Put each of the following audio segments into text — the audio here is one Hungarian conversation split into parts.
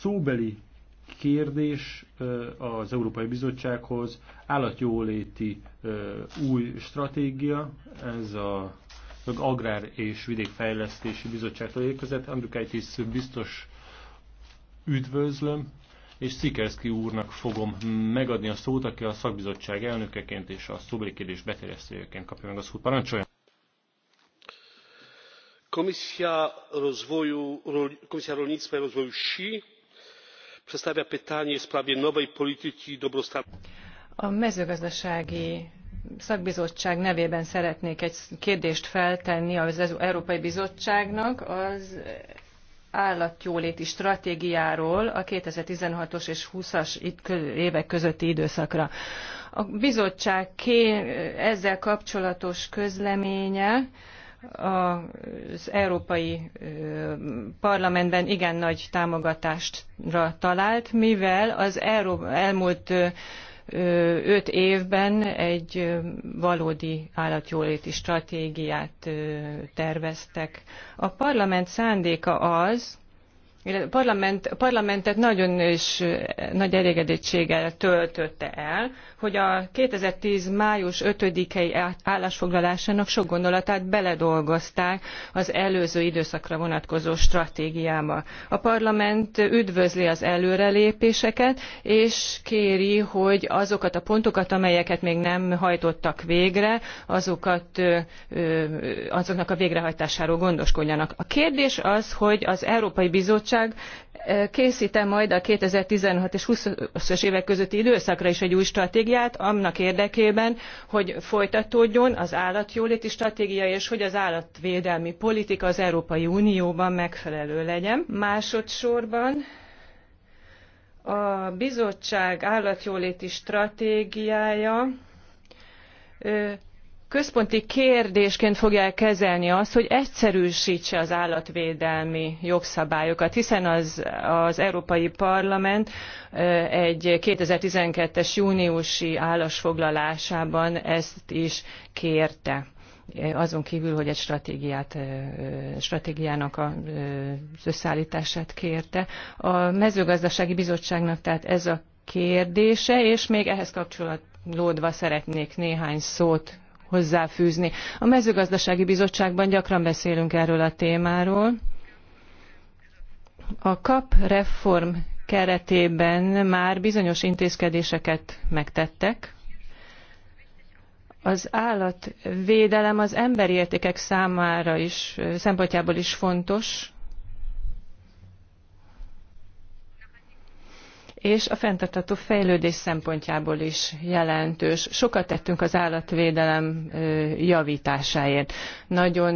szóbeli kérdés az Európai Bizottsághoz, állatjóléti új stratégia, ez a Agrár és Vidékfejlesztési Bizottságtól érkezett, is biztos üdvözlöm, és Szikerszki úrnak fogom megadni a szót, aki a szakbizottság elnökeként és a szóbeli kérdés beterjesztőjeként kapja meg a szót. Parancsoljon! Komisja, rozvoju, komisja Rolnictwa i Rozwoju Wsi przedstawia pytanie w sprawie nowej polityki dobrostanu. a mezőgazdasági szakbizottság nevében szeretnék egy kérdést feltenni az e európai bizottságnak az állatjóléti stratégiáról a 2016-os és 20-as évek közötti időszakra. A bizottság ezzel kapcsolatos közleménye az Európai Parlamentben igen nagy támogatásra talált, mivel az elmúlt öt évben egy valódi állatjóléti stratégiát terveztek. A parlament szándéka az, a parlamentet nagyon is eh, nagy elégedettséggel töltötte el, hogy a 2010. május 5-i állásfoglalásának sok gondolatát beledolgozták az előző időszakra vonatkozó stratégiába. A parlament üdvözli az előrelépéseket, és kéri, hogy azokat a pontokat, amelyeket még nem hajtottak végre, azokat, azoknak a végrehajtásáról gondoskodjanak. A kérdés az, hogy az Európai Bizottság bizottság eh, készít-e majd a 2016 és 20-as évek közötti időszakra is egy új stratégiát annak érdekében, hogy folytatódjon az állatjóléti stratégia, és hogy az állatvédelmi politika az Európai Unióban megfelelő legyen. Másodszorban a bizottság állatjóléti stratégiája eh, központi kérdésként fogják kezelni azt, hogy egyszerűstse az állatvédelmi jogszabályokat, hiszen az, az Európai Parlament egy twelve es júniusi állásfoglalásában ezt is kérte. Azon kívül, hogy egy stratégiát, stratégiának az összeállítását kérte. A mezőgazdasági bizottságnak tehát ez a kérdése, és még ehhez kapcsolatban lódva szeretnék néhány szót hozzáfűzni. A mezőgazdasági bizottságban gyakran beszélünk erről a témáról. A kap reform keretében már bizonyos intézkedéseket megtettek. Az állatvédelem az emberi értékek számára is, szempontjából is fontos, és a fenntartható fejlődés szempontjából is jelentős. Sokat tettünk az állatvédelem javításáért. Nagyon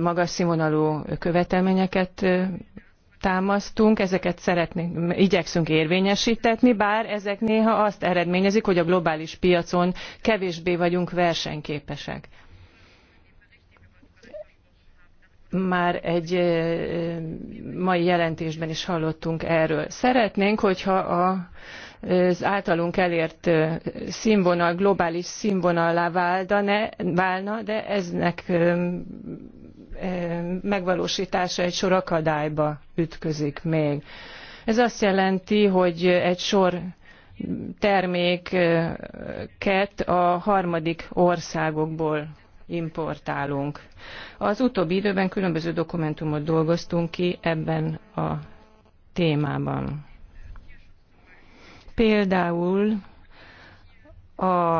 magas színvonalú követelményeket támasztunk, ezeket szeretnénk, igyekszünk érvényesítetni, bár ezek néha azt eredményezik, hogy a globális piacon kevésbé vagyunk versenyképesek. már egy mai jelentésben is hallottunk erről. Szeretnénk, hogyha a, az általunk elért színvonal globális színvonalá válna, de eznek megvalósítása egy sor akadályba ütközik még. Ez azt jelenti, hogy egy sor terméket a harmadik országokból importálunk. Az utóbbi időben különböző dokumentumot dolgoztunk ki ebben a témában. Például a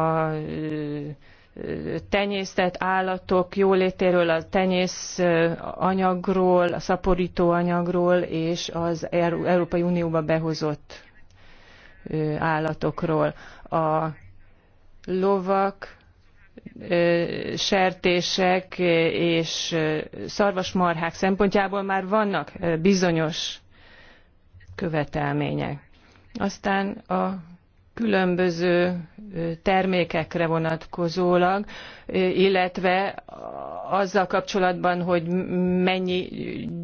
tenyésztett állatok jólétéről, a tenyész anyagról, a szaporító anyagról és az Európai Unióba behozott állatokról. A lovak, sertések és szarvasmarhák szempontjából már vannak bizonyos követelmények. Aztán a különböző termékekre vonatkozólag, illetve azzal kapcsolatban, hogy mennyi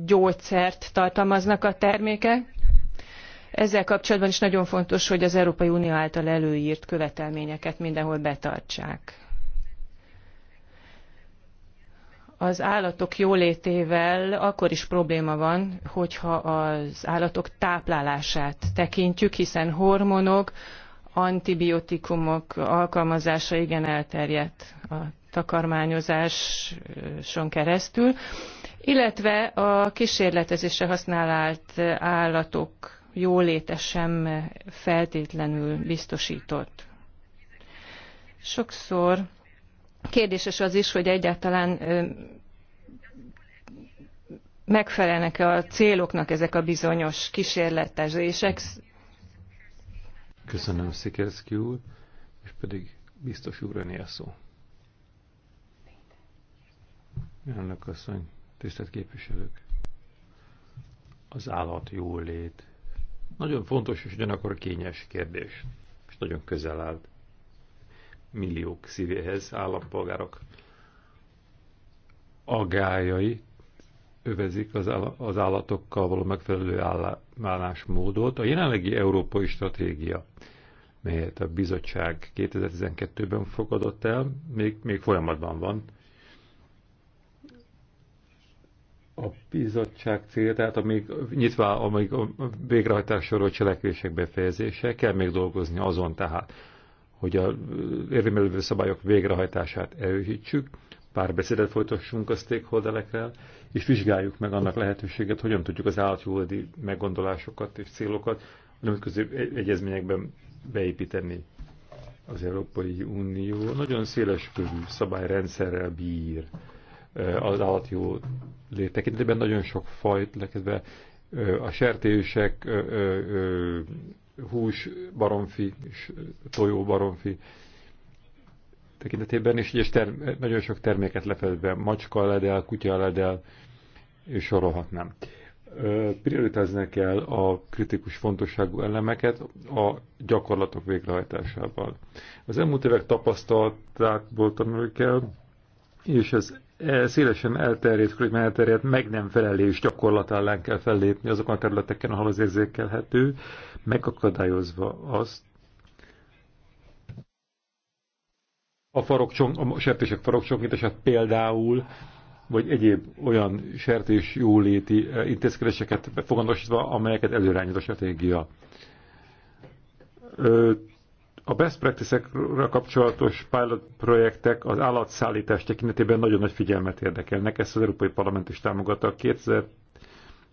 gyógyszert tartalmaznak a termékek. Ezzel kapcsolatban is nagyon fontos, hogy az Európai Unió által előírt követelményeket mindenhol betartsák. az állatok jólétével akkor is probléma van, hogyha az állatok táplálását tekintjük, hiszen hormonok, antibiotikumok alkalmazása igen elterjedt a takarmányozáson keresztül, illetve a kísérletezésre használt állatok jóléte sem feltétlenül biztosított. Sokszor kérdéses az is, hogy egyáltalán megfelelnek-e a céloknak ezek a bizonyos kísérletezések. Köszönöm, Szikerszki úr, és pedig biztos úr a szó. Elnök asszony, tisztelt képviselők! Az állat jólét. Nagyon fontos és ugyanakkor kényes kérdés, és nagyon közel állt milliók szívéhez állampolgárok agályai övezik az, az állatokkal való megfelelő állásmódot. A jelenlegi európai stratégia, melyet a bizottság 2012-ben fogadott el, még, még folyamatban van. A bizottság célja, tehát amíg nyitva, amíg a végrehajtás sorol cselekvések befejezése, kell még dolgozni azon tehát, hogy a érvényelő szabályok végrehajtását erősítsük, párbeszédet folytassunk a stakeholderekkel, és vizsgáljuk meg annak lehetőséget, hogyan tudjuk az állatjódi meggondolásokat és célokat a nemzetközi egyezményekben beépíteni. Az Európai Unió nagyon széles körű szabályrendszerrel bír az állatjó tekintetében nagyon sok fajt, lekedve a sertések, hús baromfi és tojó baromfi tekintetében, és egyes term- nagyon sok terméket lefedve, macska ledel, kutya ledel, és sorolhatnám. Prioritázni kell a kritikus fontosságú elemeket a gyakorlatok végrehajtásával. Az elmúlt évek tapasztalatákból tanulni kell, és az e, szélesen elterjedt, hogy elterjedt, meg nem felelés gyakorlat ellen kell fellépni azokon a területeken, ahol az érzékelhető, megakadályozva azt, a, farokcsong, a sertések farokcsonkítását például, vagy egyéb olyan sertés jóléti e, intézkedéseket fogandosítva, amelyeket előrányít a stratégia. A best practice kapcsolatos pilot projektek az állatszállítás tekintetében nagyon nagy figyelmet érdekelnek. Ezt az Európai Parlament is támogatta a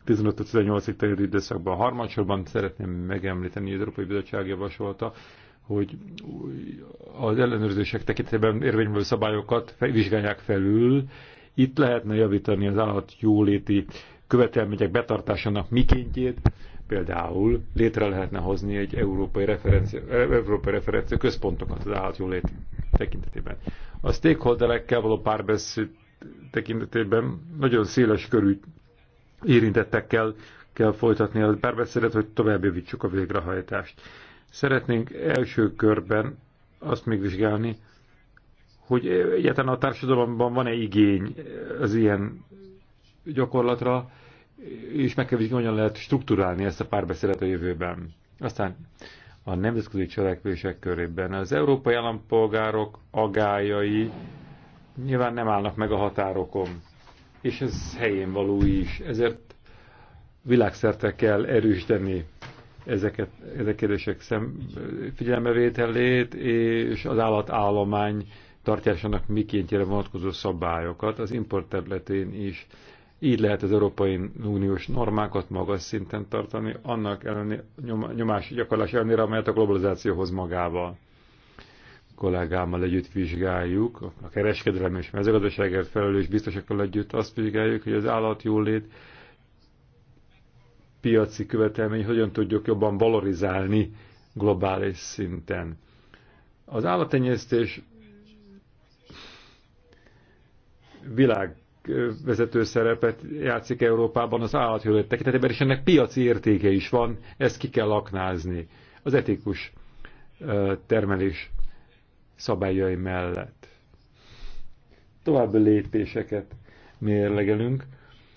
2015-18-ig terjedő időszakban. Harmadsorban szeretném megemlíteni, hogy az Európai Bizottság javasolta, hogy az ellenőrzések tekintetében érvényből szabályokat vizsgálják felül. Itt lehetne javítani az állat jóléti követelmények betartásának mikéntjét Például létre lehetne hozni egy európai referencia, eh, európai referencia központokat az állatjólét tekintetében. A stakeholderekkel való párbeszéd tekintetében nagyon széles körű érintettekkel kell folytatni a párbeszédet, hogy tovább javítsuk a végrehajtást. Szeretnénk első körben azt megvizsgálni, hogy egyáltalán a társadalomban van-e igény az ilyen gyakorlatra, és meg kell vizsgálni, hogyan lehet struktúrálni ezt a párbeszédet a jövőben. Aztán a nemzetközi cselekvések körében az európai állampolgárok agályai nyilván nem állnak meg a határokon, és ez helyén való is, ezért világszerte kell erősíteni ezeket, ezek kérdések szem, figyelmevételét és az állatállomány tartásának mikéntjére vonatkozó szabályokat az import területén is így lehet az Európai Uniós normákat magas szinten tartani, annak elleni, nyomás gyakorlás ellenére, amelyet a globalizációhoz magával. Kollégámmal együtt vizsgáljuk, a kereskedelem és mezőgazdaságért felelős biztosakkal együtt azt vizsgáljuk, hogy az állatjólét piaci követelmény hogyan tudjuk jobban valorizálni globális szinten. Az állattenyésztés világ vezető szerepet játszik Európában az állatjólét tekintetében, és ennek piaci értéke is van, ezt ki kell aknázni az etikus termelés szabályai mellett. További lépéseket mérlegelünk,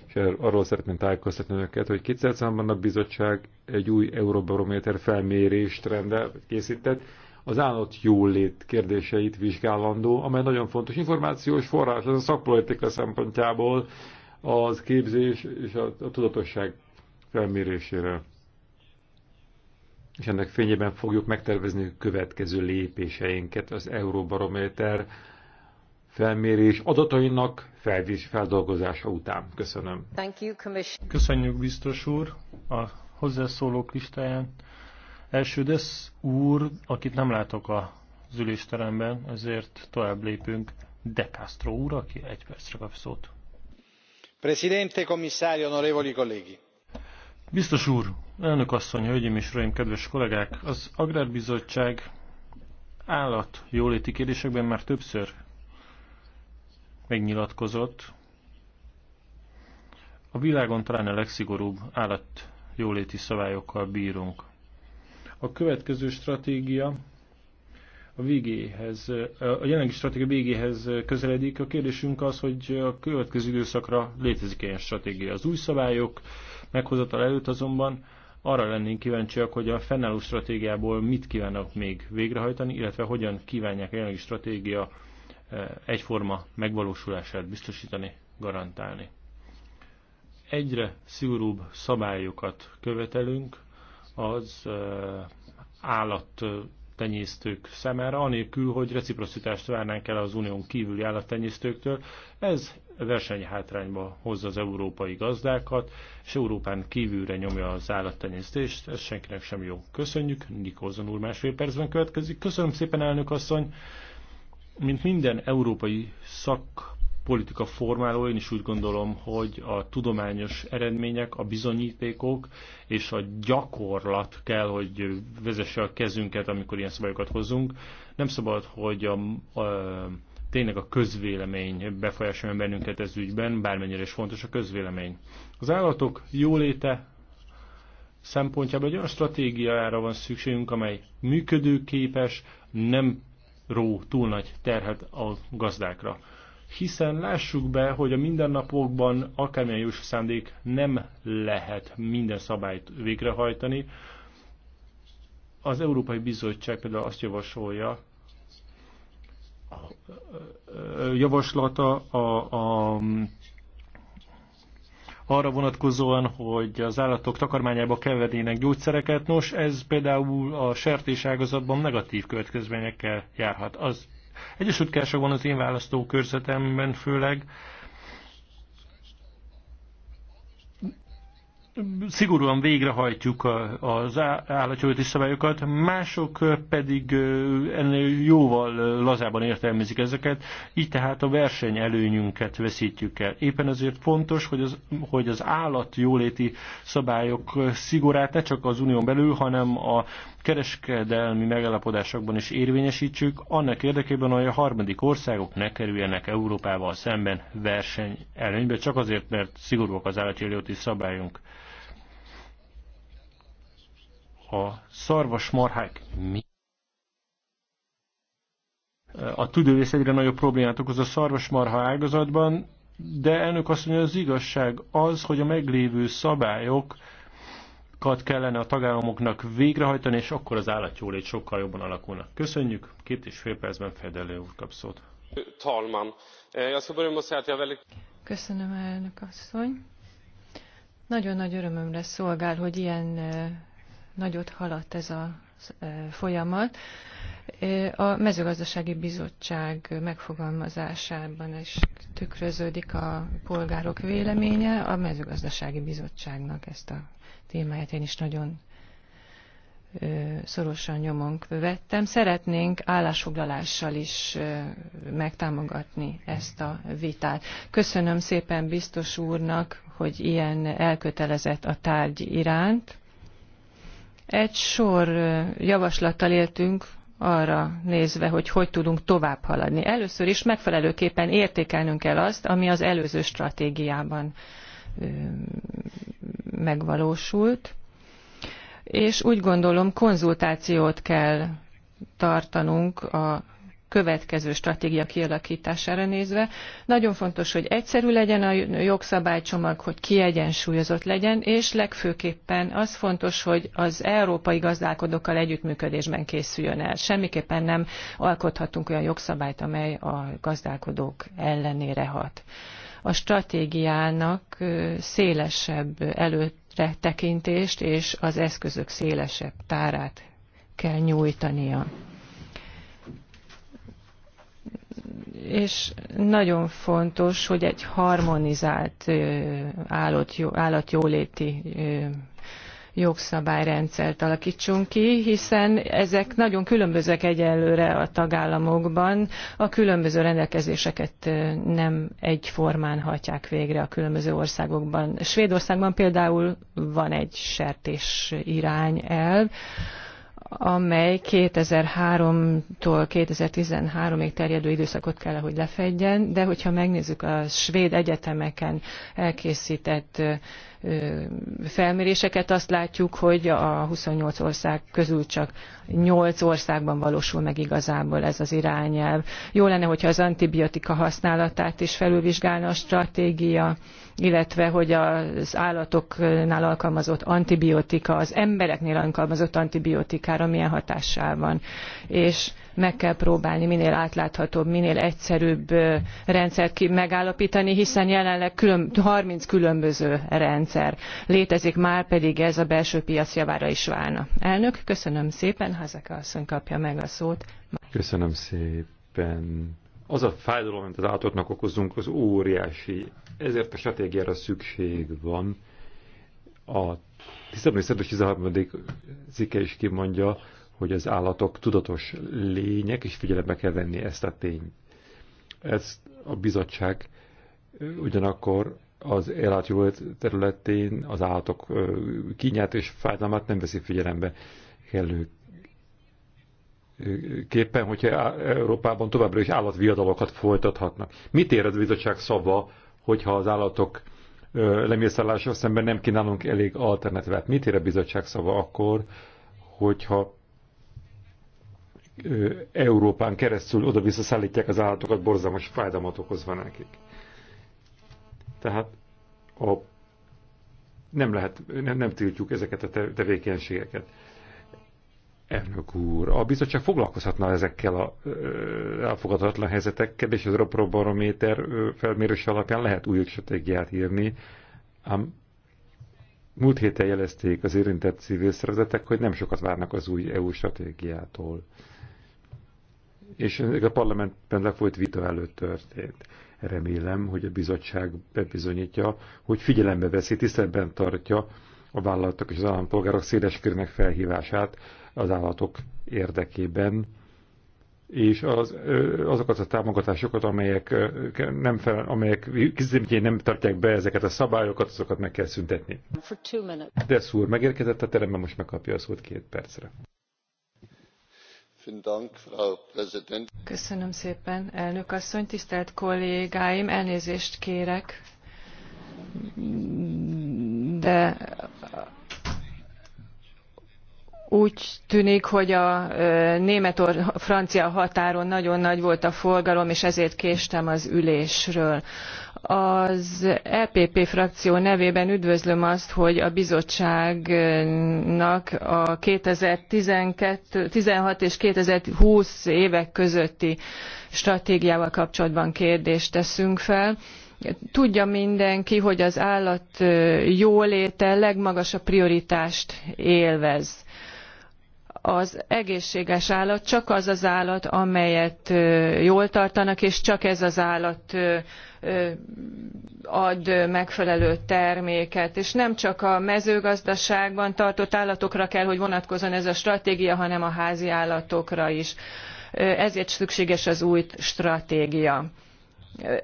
és arról szeretném tájékoztatni önöket, hogy 2000 számban a bizottság egy új Euróbarométer felmérést rendel, készített, az állat jólét kérdéseit vizsgálandó, amely nagyon fontos információs forrás, ez a szakpolitika szempontjából az képzés és a, a tudatosság felmérésére. És ennek fényében fogjuk megtervezni a következő lépéseinket az Euróbarométer felmérés adatainak felvés, feldolgozása után. Köszönöm. Thank you, Köszönjük, biztos úr, a hozzászólók listáján. Elsődesz úr, akit nem látok az ülésteremben, ezért tovább lépünk De Castro úr, aki egy percre kap szót. Presidente, commissario, onorevoli colleghi. Biztos úr, elnök asszony, hölgyeim és uraim, kedves kollégák, az Agrárbizottság állat jóléti kérdésekben már többször megnyilatkozott. A világon talán a legszigorúbb állat jóléti szabályokkal bírunk. A következő stratégia a végéhez, a jelenlegi stratégia végéhez közeledik. A kérdésünk az, hogy a következő időszakra létezik ilyen stratégia. Az új szabályok meghozatal előtt azonban arra lennénk kíváncsiak, hogy a fennálló stratégiából mit kívánnak még végrehajtani, illetve hogyan kívánják a jelenlegi stratégia eh, egyforma megvalósulását biztosítani, garantálni. Egyre szigorúbb szabályokat követelünk, az állattenyésztők szemére anélkül, hogy reciprocitást várnánk el az unión kívüli állattenyésztőktől. Ez versenyhátrányba hozza az európai gazdákat, és Európán kívülre nyomja az állattenyésztést, ez senkinek sem jó. Köszönjük, Nikózon úr másfél percben következik. Köszönöm szépen, elnök asszony! Mint minden európai szak politika formáló, én is úgy gondolom, hogy a tudományos eredmények, a bizonyítékok és a gyakorlat kell, hogy vezesse a kezünket, amikor ilyen szabályokat hozunk. Nem szabad, hogy a, a tényleg a közvélemény befolyásolja bennünket ez ügyben, bármennyire is fontos a közvélemény. Az állatok jóléte szempontjából egy olyan stratégiára van szükségünk, amely működőképes, nem ró túl nagy terhet a gazdákra hiszen lássuk be, hogy a mindennapokban akármilyen jó szándék nem lehet minden szabályt végrehajtani. Az Európai Bizottság például azt javasolja, javaslata a, a, arra vonatkozóan, hogy az állatok takarmányába keverjenek gyógyszereket. Nos, ez például a ágazatban negatív következményekkel járhat. Az Egyesült van az én választó körzetemben főleg szigorúan végrehajtjuk az állatjóléti szabályokat, mások pedig ennél jóval lazában értelmezik ezeket, így tehát a versenyelőnyünket veszítjük el. Éppen ezért fontos, hogy az, hogy az állatjóléti szabályok szigorát ne csak az unión belül, hanem a kereskedelmi megállapodásokban is érvényesítsük, annak érdekében, hogy a harmadik országok ne kerüljenek Európával szemben verseny előnybe, csak azért, mert szigorúak az állatjóléti szabályunk. A szarvasmarhák mi? A tüdővész egyre nagyobb problémát okoz a szarvasmarha ágazatban, de elnök azt mondja, az igazság az, hogy a meglévő szabályok kellene a tagállamoknak végrehajtani, és akkor az állatjólét sokkal jobban alakulnak. Köszönjük, két és fél percben Fedelő úr kap szót. Eh, Köszönöm, elnök asszony. Nagyon nagy örömömre szolgál, hogy ilyen eh, nagyot haladt ez a eh, folyamat. A mezőgazdasági bizottság megfogalmazásában is tükröződik a polgárok véleménye, a mezőgazdasági bizottságnak ezt a témáját én is nagyon szorosan nyomon vettem. Szeretnénk állásfoglalással is megtámogatni ezt a vitát. Köszönöm szépen biztos úrnak, hogy ilyen elkötelezett a tárgy iránt. Egy sor javaslattal éltünk arra nézve, hogy hogy tudunk tovább haladni. Először is megfelelőképpen értékelnünk kell azt, ami az előző stratégiában megvalósult. És úgy gondolom, konzultációt kell tartanunk a következő stratégia kialakítására nézve. Nagyon fontos, hogy egyszerű legyen a jogszabálycsomag, hogy kiegyensúlyozott legyen, és legfőképpen az fontos, hogy az európai gazdálkodókkal együttműködésben készüljön el. Semmiképpen nem alkothatunk olyan jogszabályt, amely a gazdálkodók ellenére hat a stratégiának szélesebb előtre tekintést és az eszközök szélesebb tárát kell nyújtania. És nagyon fontos, hogy egy harmonizált állatjóléti jogszabályrendszert alakítsunk ki, hiszen ezek nagyon különbözőek egyelőre a tagállamokban, a különböző rendelkezéseket nem egyformán hajtják végre a különböző országokban. Svédországban például van egy sertés irányelv, amely 2003-tól 2013-ig terjedő időszakot kell, hogy lefedjen, de hogyha megnézzük a svéd egyetemeken elkészített felméréseket, azt látjuk, hogy a 28 ország közül csak 8 országban valósul meg igazából ez az irányelv. Jó lenne, hogyha az antibiotika használatát is felülvizsgálna a stratégia, illetve hogy az állatoknál alkalmazott antibiotika az embereknél alkalmazott antibiotikára milyen hatással van. És meg kell próbálni minél átláthatóbb, minél egyszerűbb rendszert megállapítani, hiszen jelenleg külön, 30 különböző rendszer létezik, már pedig ez a belső piac javára is válna. Elnök, köszönöm szépen, Hazaka asszony kapja meg a szót. Köszönöm szépen. Az a fájdalom, amit az állatoknak okozunk, az óriási. Ezért a stratégiára szükség van. A Tisztában és 13. cikke is kimondja, hogy az állatok tudatos lények, és figyelembe kell venni ezt a tényt. Ezt a bizottság ugyanakkor az állatjólét területén az állatok kínját és fájdalmát nem veszi figyelembe kellő képpen, hogyha Európában továbbra is állatviadalokat folytathatnak. Mit ér a bizottság szava, hogyha az állatok lemészállása szemben nem kínálunk elég alternatívát? Mit ér a bizottság szava akkor, hogyha Európán keresztül oda-vissza szállítják az állatokat, borzalmas fájdalmat okozva nekik. Tehát a, nem lehet, nem, nem tiltjuk ezeket a tevékenységeket. Elnök úr, a bizottság foglalkozhatna ezekkel a elfogadhatatlan helyzetekkel, és az Eurobarométer felmérés alapján lehet új stratégiát írni, ám múlt héten jelezték az érintett civil szervezetek, hogy nem sokat várnak az új EU stratégiától és ez a parlamentben lefolyt vita előtt történt. Remélem, hogy a bizottság bebizonyítja, hogy figyelembe veszi, tisztelben tartja a vállalatok és az állampolgárok széles körnek felhívását az állatok érdekében, és az, azokat a támogatásokat, amelyek nem, fel, amelyek nem tartják be ezeket a szabályokat, azokat meg kell szüntetni. De szúr megérkezett a teremben, most megkapja a szót két percre. Köszönöm szépen, elnök asszony, tisztelt kollégáim, elnézést kérek, de úgy tűnik, hogy a német-francia határon nagyon nagy volt a forgalom, és ezért késtem az ülésről. Az EPP frakció nevében üdvözlöm azt, hogy a bizottságnak a 2016 és 2020 évek közötti stratégiával kapcsolatban kérdést teszünk fel. Tudja mindenki, hogy az állat jóléte legmagasabb prioritást élvez az egészséges állat csak az az állat, amelyet jól tartanak, és csak ez az állat ad megfelelő terméket. És nem csak a mezőgazdaságban tartott állatokra kell, hogy vonatkozzon ez a stratégia, hanem a házi állatokra is. Ezért szükséges az új stratégia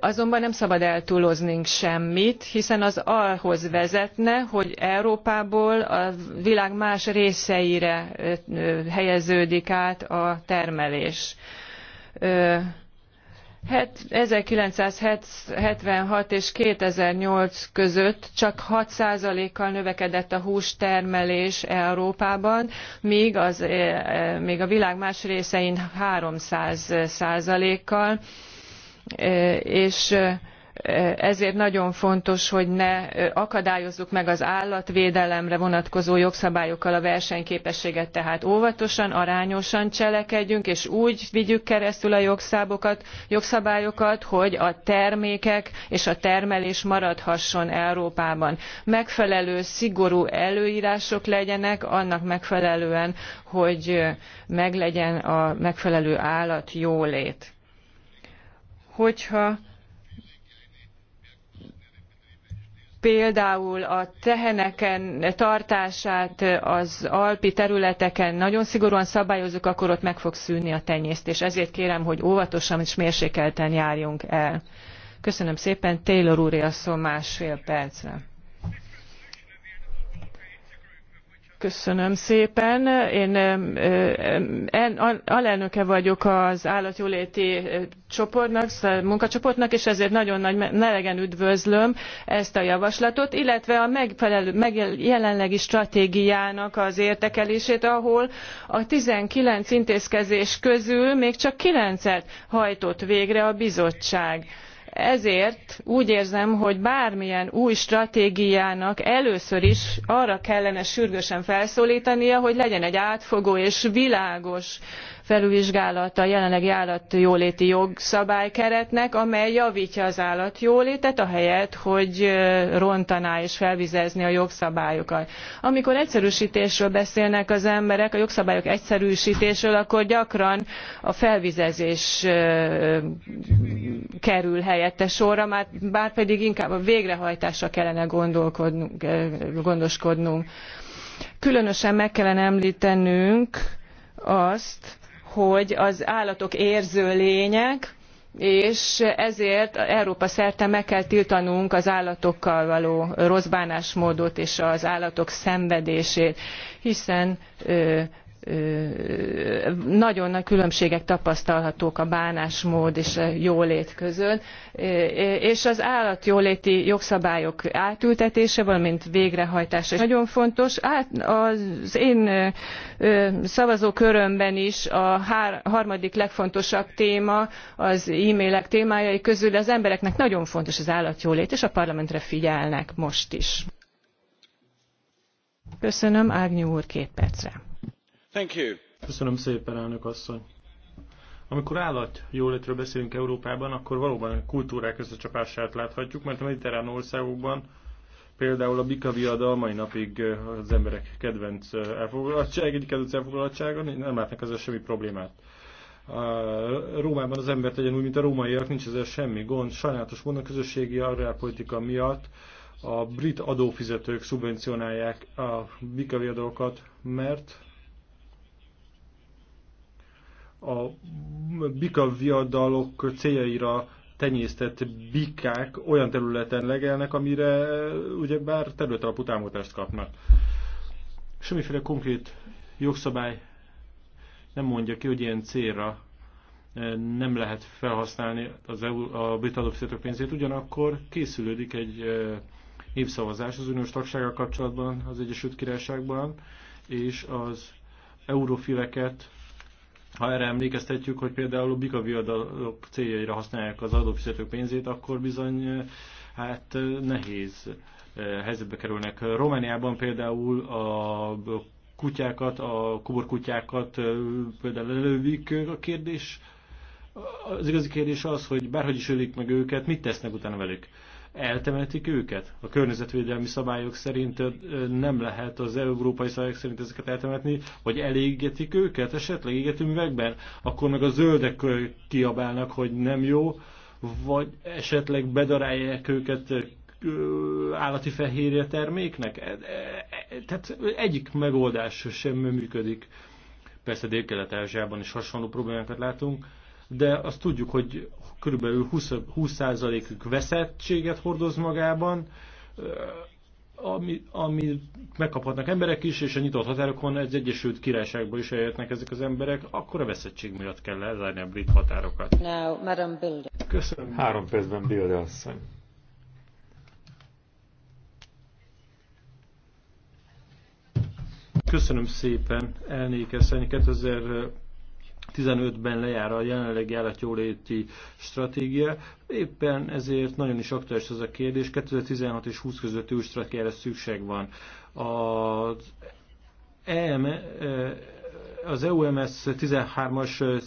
Azonban nem szabad eltúloznunk semmit, hiszen az ahhoz vezetne, hogy Európából a világ más részeire helyeződik át a termelés. 1976 és 2008 között csak 6%-kal növekedett a hústermelés Európában, míg, az, míg a világ más részein 300%-kal és ezért nagyon fontos hogy ne akadályozzuk meg az állatvédelemre vonatkozó jogszabályokkal a versenyképességet tehát óvatosan arányosan cselekedjünk és úgy vigyük keresztül a jogszabályokat hogy a termékek és a termelés maradhasson európában. megfelelő szigorú előrások legyenek annak megfelelően hogy meglegyen a megfelelő állatjólét hogyha például a teheneken tartását az alpi területeken nagyon szigorúan szabályozzuk, akkor ott meg fog szűnni a tenyésztés. Ezért kérem, hogy óvatosan és mérsékelten járjunk el. Köszönöm szépen, Taylor úr, a szó másfél percre. Köszönöm szépen. Én alelnöke vagyok az állatjóléti eh, csoportnak, munkacsoportnak, és ezért nagyon nagy melegen üdvözlöm ezt a javaslatot, illetve a megfelelő, meg jelenlegi stratégiának az értekelését, ahol a 19 intézkedés közül még csak 9-et hajtott végre a bizottság ezért úgy érzem hogy bármilyen új stratégiának először is arra kellene sürgősen felszóltania hogy legyen egy átfogó és világos felülvizsgálata a jelenlegi állatjóléti jogszabálykeretnek amely javtja az állatjólétet ahelyett hogy rontaná és felvizezné a jogszabályokat. amikor egyszerűstésről beszélnek az emberek a jogszabályok egyszerűstéséről akkor gyakran a felvizezés kerül helyette sorra, már, bár pedig inkább a végrehajtásra kellene eh, gondoskodnunk. Különösen meg kellene említenünk azt, hogy az állatok érző lények, és ezért európa szerte meg kell tiltanunk az állatokkal való rossz bánásmódot és az állatok szenvedését hiszen nagyon nagy különbségek tapasztalhatók a bánásmód és a jólét között, és az állatjóléti jogszabályok átültetése, valamint végrehajtása is nagyon fontos. az én szavazókörömben is a harmadik legfontosabb téma az e-mailek témájai közül, de az embereknek nagyon fontos az állatjólét, és a parlamentre figyelnek most is. Köszönöm, Ágnyú úr, két percre Köszönöm szépen, elnök asszony. Amikor állatjólétről beszélünk Európában, akkor valóban a kultúrák összecsapását láthatjuk, mert a mediterrán országokban például a bika viadal mai napig az emberek kedvenc elfoglaltság, egyik kedvenc elfoglaltsága, nem látnak ezzel semmi problémát. A Rómában az ember tegyen úgy, mint a rómaiak, nincs ezzel semmi gond. Sajnálatos módon a közösségi agrárpolitika miatt a brit adófizetők szubvencionálják a bikaviadókat, mert a bika viadalok céljaira tenyésztett bikák olyan területen legelnek, amire uh, ugye bár területalapú támogatást kapnak. Semmiféle konkrét jogszabály nem mondja ki, hogy ilyen célra uh, nem lehet felhasználni az EU, a brit adófizetők pénzét, ugyanakkor készülődik egy uh, évszavazás az uniós tagsággal kapcsolatban az Egyesült Királyságban, és az eurofileket ha erre emlékeztetjük, hogy például bika viadalok céljaira használják az adófizetők pénzét, akkor bizony eh, hát eh, nehéz eh, helyzetbe kerülnek. Romániában például a kutyákat, a kuborkutyákat például elővik. A kérdés az igazi kérdés az, hogy bárhogy is ölik meg őket, mit tesznek utána velük? Eltemetik őket? A környezetvédelmi szabályok szerint nem lehet az európai szabályok szerint ezeket eltemetni, vagy elégetik őket esetleg égetőművekben? Akkor meg a zöldek kiabálnak, hogy nem jó, vagy esetleg bedarálják őket állati fehérje terméknek. E, e, e, tehát egyik megoldás sem működik. Persze Dél-Kelet-Ázsiában is hasonló problémákat látunk de azt tudjuk, hogy körülbelül 20%-ük veszettséget hordoz magában, ami, ami megkaphatnak emberek is, és a nyitott határokon az Egyesült Királyságból is eljöttnek ezek az emberek, akkor a veszettség miatt kell lezárni a brit határokat. Now, Madam Bilde. Köszönöm. Három percben Bilde asszony. Köszönöm szépen, elnékezteni 2000 15-ben lejár a jelenlegi állatjóléti stratégia. Éppen ezért nagyon is aktuális ez a kérdés. 2016 és 20 közötti új stratégiára szükség van. Az EM, az EUMS 13-as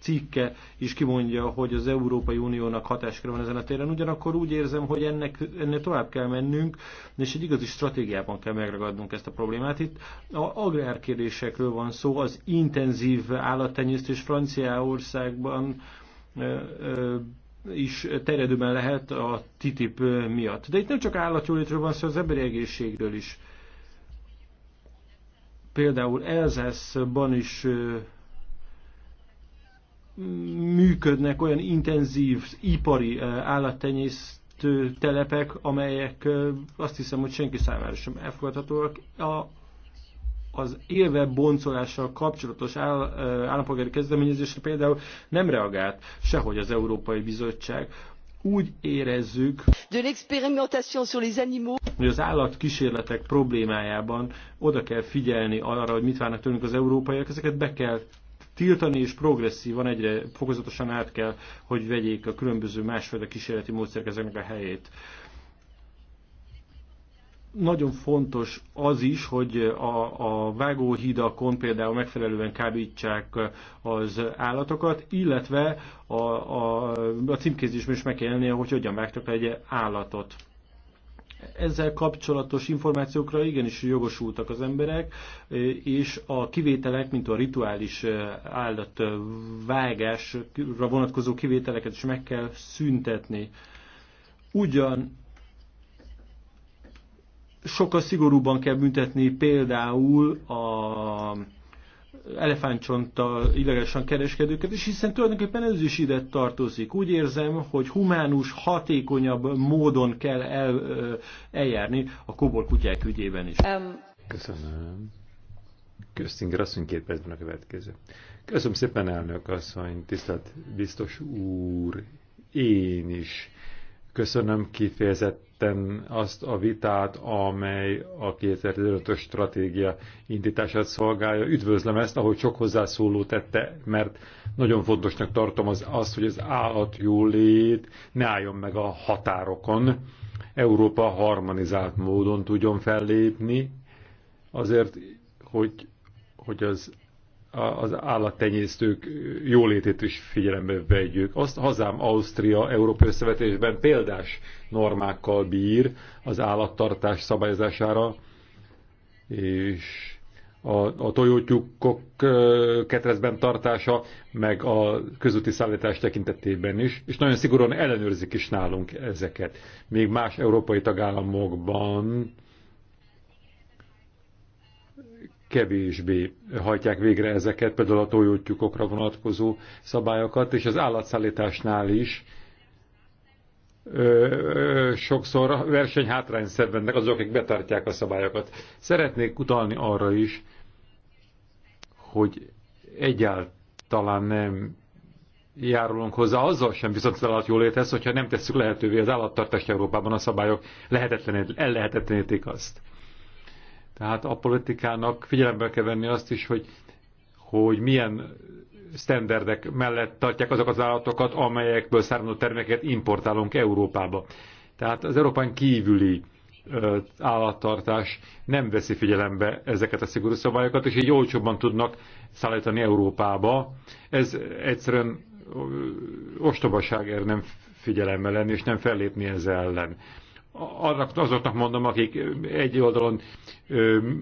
cikke is kimondja, hogy az Európai Uniónak hatáskör van ezen a téren. Ugyanakkor úgy érzem, hogy ennek, ennél tovább kell mennünk, és egy igazi stratégiában kell megragadnunk ezt a problémát. Itt a agrárkérdésekről van szó, az intenzív állattenyésztés Franciaországban is terjedőben lehet a TTIP miatt. De itt nem csak állatjólétről van szó, az emberi egészségről is. Például Elzászban is működnek olyan intenzív ipari állattenyésztő telepek, amelyek azt hiszem, hogy senki számára sem elfogadhatóak. A, az élve boncolással kapcsolatos áll, állampolgári kezdeményezésre például nem reagált sehogy az Európai Bizottság. Úgy érezzük, de l'expérimentation sur les animaux. hogy az állatkísérletek problémájában oda kell figyelni arra, hogy mit várnak tőlünk az európaiak, ezeket be kell tiltani, és progresszívan egyre fokozatosan át kell, hogy vegyék a különböző másfajta kísérleti módszerek ezeknek a helyét nagyon fontos az is, hogy a, a vágóhidakon például megfelelően kábítsák az állatokat, illetve a, a, a címkézésben is meg kell jelennie, hogy hogyan vágtak egy állatot ezzel kapcsolatos információkra igenis jogosultak az emberek, és a kivételek, mint a rituális eh, állatvágásra vonatkozó kivételeket is meg kell szüntetni. Ugyan sokkal szigorúban kell büntetni például a elefántcsonttal illegálisan kereskedőket és hiszen tulajdonképpen ez is ide tartozik. Úgy érzem, hogy humánus, hatékonyabb módon kell el, eljárni a kobor kutyák ügyében is. Um. Köszönöm. Köszönjük, asszony két percben a következő. Köszönöm szépen, elnök asszony, tisztelt biztos úr. Én is köszönöm kifejezett értem azt a vitát, amely a 2015-ös stratégia indítását szolgálja. Üdvözlöm ezt, ahogy sok hozzászóló tette, mert nagyon fontosnak tartom az, azt, hogy az állatjólét ne álljon meg a határokon. Európa harmonizált módon tudjon fellépni, azért, hogy, hogy az az állattenyésztők jólétét is figyelembe vegyük. Azt hazám Ausztria Európai Összevetésben példás normákkal bír az állattartás szabályozására, és a, a tojótyúkok ketrezben tartása, meg a közúti szállítás tekintetében is, és nagyon szigorúan ellenőrzik is nálunk ezeket. Még más európai tagállamokban kevésbé hajtják végre ezeket, például a tojótyúkokra vonatkozó szabályokat, és az állatszállításnál is ö, ö, sokszor versenyhátrány szenvednek azok, akik betartják a szabályokat. Szeretnék utalni arra is, hogy egyáltalán nem járulunk hozzá, azzal sem viszont az állat jól hogyha nem tesszük lehetővé az állattartást Európában a szabályok lehetetlenítik azt. Tehát a politikának figyelembe kell venni azt is, hogy, hogy milyen sztenderdek mellett tartják azok az állatokat, amelyekből származó termékeket importálunk Európába. Tehát az Európán kívüli állattartás nem veszi figyelembe ezeket a szigorú szabályokat, és így olcsóbban tudnak szállítani Európába. Ez egyszerűen ostobaság erre nem figyelemmel lenni, és nem fellépni ezzel ellen azoknak mondom, akik egy oldalon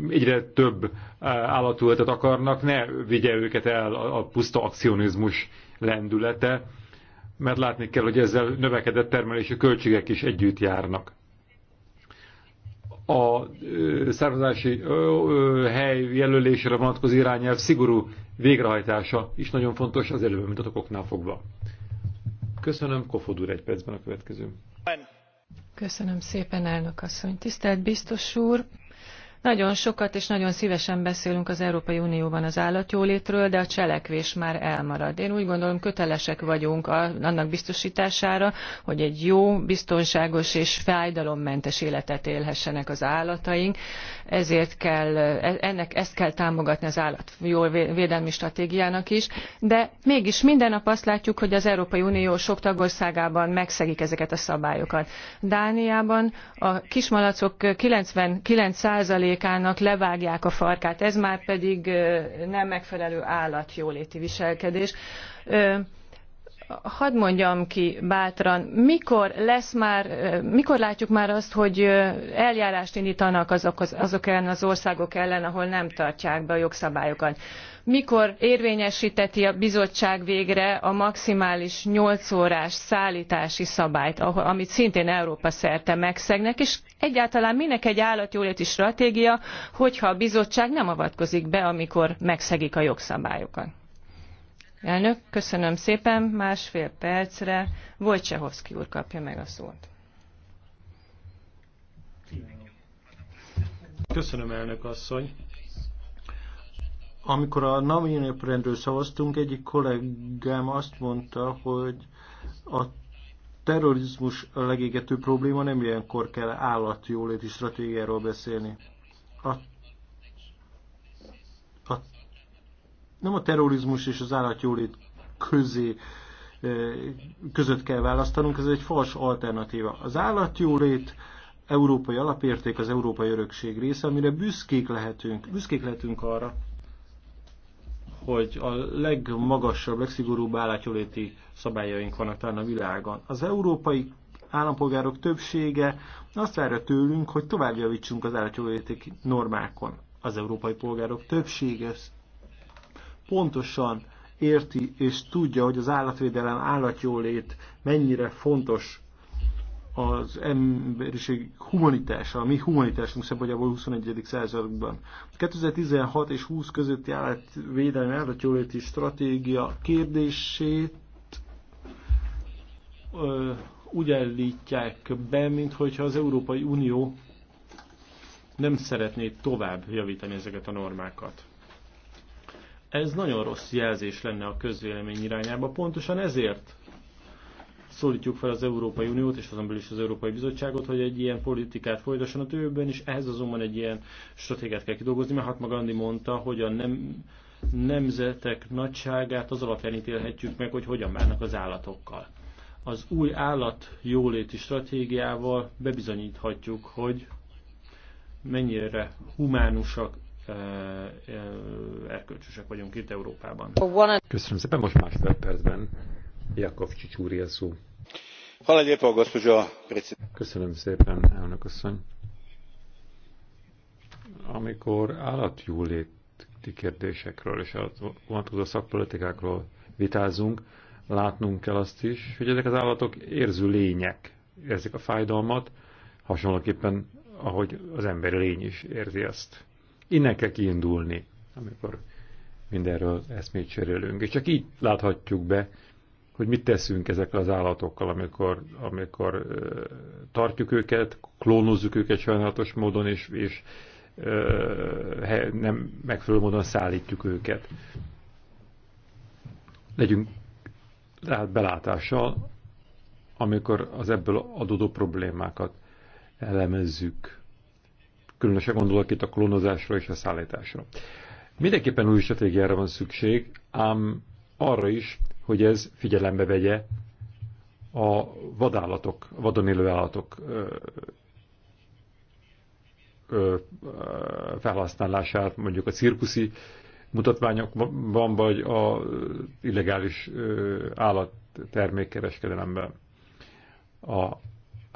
egyre több állatületet akarnak, ne vigye őket el a puszta akcionizmus lendülete, mert látni kell, hogy ezzel növekedett termelési költségek is együtt járnak. A származási hely jelölésére vonatkozó irányelv szigorú végrehajtása is nagyon fontos az előbb, mint a fogva. Köszönöm, Kofod úr egy percben a következő. Köszönöm szépen, elnök asszony. Tisztelt biztos úr! Nagyon sokat és nagyon szívesen beszélünk az Európai Unióban az állatjólétről, de a cselekvés már elmarad. Én úgy gondolom, kötelesek vagyunk annak biztosítására, hogy egy jó, biztonságos és fájdalommentes életet élhessenek az állataink. Ezért kell, e, ennek, ezt kell támogatni az állatvédelmi stratégiának is, de mégis minden nap azt látjuk, hogy az Európai Unió sok tagországában megszegik ezeket a szabályokat. Dániában a kismalacok 99 százalékának levágják a farkát. Ez már pedig nem megfelelő állatjóléti viselkedés hadd mondjam ki bátran, mikor lesz már, mikor látjuk már azt, hogy eljárást indítanak azok, azok ellen az országok ellen, ahol nem tartják be a jogszabályokat? Mikor érvényesíteti a bizottság végre a maximális 8 órás szállítási szabályt, amit szintén Európa szerte megszegnek, és egyáltalán minek egy állatjóléti stratégia, hogyha a bizottság nem avatkozik be, amikor megszegik a jogszabályokat? Elnök, köszönöm szépen. Másfél percre Wojciechowski úr kapja meg a szót. Köszönöm, elnök asszony. Amikor a naminőprendről szavaztunk, egyik kollégám azt mondta, hogy a terrorizmus a legégető probléma, nem ilyenkor kell állatjóléti stratégiáról beszélni. A, a nem a terrorizmus és az állatjólét közé eh, között kell választanunk, ez egy fals alternatíva. Az állatjólét európai alapérték, az európai örökség része, amire büszkék lehetünk. Büszkék lehetünk arra, hogy a legmagasabb, legszigorúbb állatjóléti szabályaink vannak talán a világon. Az európai állampolgárok többsége azt várja tőlünk, hogy tovább javítsunk az állatjóléti normákon. Az európai polgárok többsége pontosan érti és tudja, hogy az állatvédelem, állatjólét mennyire fontos az emberiség humanitása, a mi humanitásunk szempontjából a 21. században. 2016 és 20 közötti állatvédelmi állatjóléti stratégia kérdését ö, úgy állítják be, mintha az Európai Unió nem szeretné tovább javítani ezeket a normákat. Ez nagyon rossz jelzés lenne a közvélemény irányába. Pontosan ezért szólítjuk fel az Európai Uniót és azon belül is az Európai Bizottságot, hogy egy ilyen politikát folytasson a jövőben, és ehhez azonban egy ilyen stratégiát kell kidolgozni, mert Hatma Gandhi mondta, hogy a nem, nemzetek nagyságát az alapján ítélhetjük meg, hogy hogyan bánnak az állatokkal. Az új állat jóléti stratégiával bebizonyíthatjuk, hogy mennyire humánusak erkölcsösek vagyunk itt Európában. Köszönöm szépen, most másfél percben Jakov Csicsúri a szó. Köszönöm szépen, elnök asszony. Amikor állatjóléti kérdésekről és a vonatkozó szakpolitikákról vitázunk, látnunk kell azt is, hogy ezek az állatok érző lények, érzik a fájdalmat, hasonlóképpen, ahogy az emberi lény is érzi ezt. Innen kell kiindulni, amikor mindenről eszmét cserélünk. És csak így láthatjuk be, hogy mit teszünk ezekkel az állatokkal, amikor, amikor tartjuk őket, klónozzuk őket sajnálatos módon, és, és nem megfelelő módon szállítjuk őket. Legyünk tehát belátással, amikor az ebből adódó problémákat elemezzük. Különösen gondolok itt a klónozásra és a szállításra. Mindenképpen új stratégiára van szükség, ám arra is, hogy ez figyelembe vegye a vadállatok, vadon élő állatok felhasználását mondjuk a cirkuszi mutatványokban, vagy a illegális állattermékkereskedelemben. A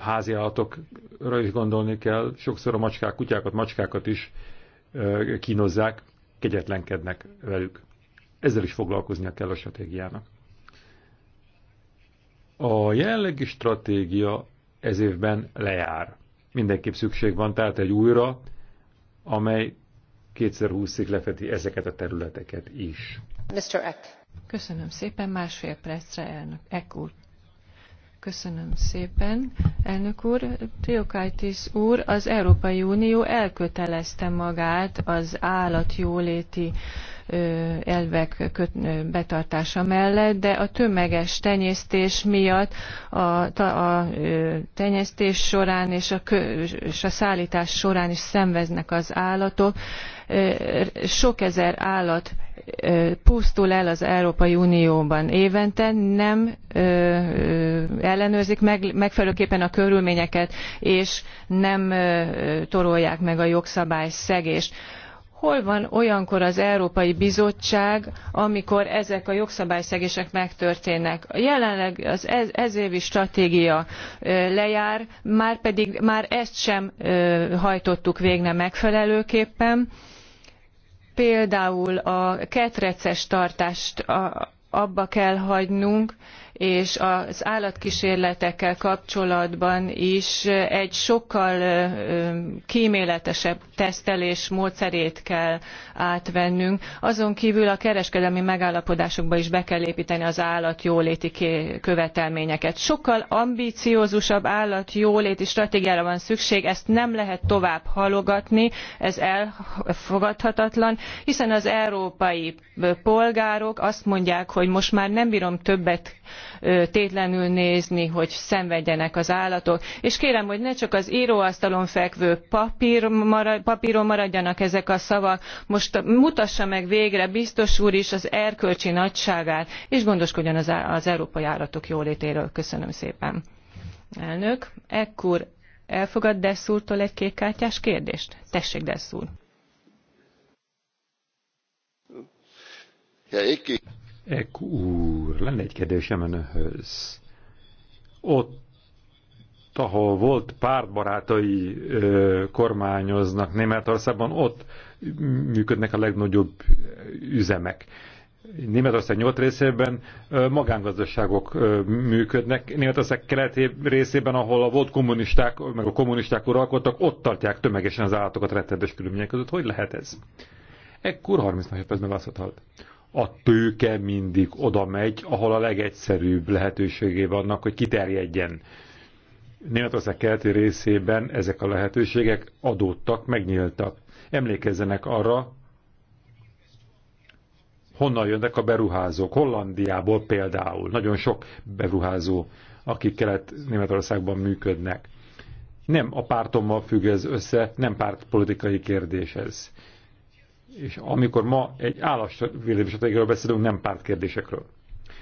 háziállatokra is gondolni kell. Sokszor a macskák, kutyákat, macskákat is kínozzák, kegyetlenkednek velük. Ezzel is foglalkoznia kell a stratégiának. A jelenlegi stratégia ez évben lejár. Mindenképp szükség van tehát egy újra, amely 2020-ig lefedi ezeket a területeket is. Mr. Eck. Köszönöm szépen, másfél percre elnök. Eck úr. Köszönöm szépen, elnök úr. Triokaitis úr, az Európai Unió elkötelezte magát az állatjóléti elvek betartása mellett, de a tömeges tenyésztés miatt a, a tenyésztés során és a, kö, és a szállítás során is szenveznek az állatok. Sok ezer állat pusztul el az Európai Unióban évente, nem ellenőrzik meg, megfelelőképpen a körülményeket, és nem torolják meg a jogszabály szegést hol van olyankor az európai bizottság amikor ezek a jogszabályszegések megtörténnek? jelenleg az ez, ezévi stratégia lejár márpedig már ezt sem hajtottuk végre megfelelőképpen például a ketreces tartást abba kell hagynunk és az állatkísérletekkel kapcsolatban is egy sokkal kíméletesebb tesztelés módszerét kell átvennünk. Azon kívül a kereskedelmi megállapodásokba is be kell épteni az állatjóléti követelményeket. Sokkal ambiciózusabb állatjóléti stratégiára van szükség, ezt nem lehet tovább halogatni, ez elfogadhatatlan, hiszen az európai polgárok azt mondják, hogy most már nem bírom többet tétlenül nézni, hogy szenvedjenek az állatok. És kérem, hogy ne csak az íróasztalon fekvő papír marad, papíron maradjanak ezek a szavak, most mutassa meg végre biztos úr is az erkölcsi nagyságát, és gondoskodjon az, az európai állatok jólétéről. Köszönöm szépen. Elnök, ekkor elfogad Dessz úrtól egy kékkártyás kérdést? Tessék, egy úr. Ek úr, lenne egy kérdésem önhöz. Ott, ahol volt pártbarátai ö, kormányoznak Németországban, ott működnek a legnagyobb üzemek. Németország nyolc részében magángazdaságok működnek. Németország keleti részében, ahol a volt kommunisták, meg a kommunisták uralkodtak, ott tartják tömegesen az állatokat rettenetes körülmények között. Hogy lehet ez? Ekkor 30 másodpercben válaszolhat a tőke mindig oda megy, ahol a legegyszerűbb lehetőségé vannak, hogy kiterjedjen. Németország keleti részében ezek a lehetőségek adódtak, megnyíltak. Emlékezzenek arra, honnan jönnek a beruházók. Hollandiából például. Nagyon sok beruházó, akik kelet-németországban működnek. Nem a pártommal függ ez össze, nem pártpolitikai kérdés ez és amikor ma egy állásvéleménystratégiáról beszélünk, nem pártkérdésekről.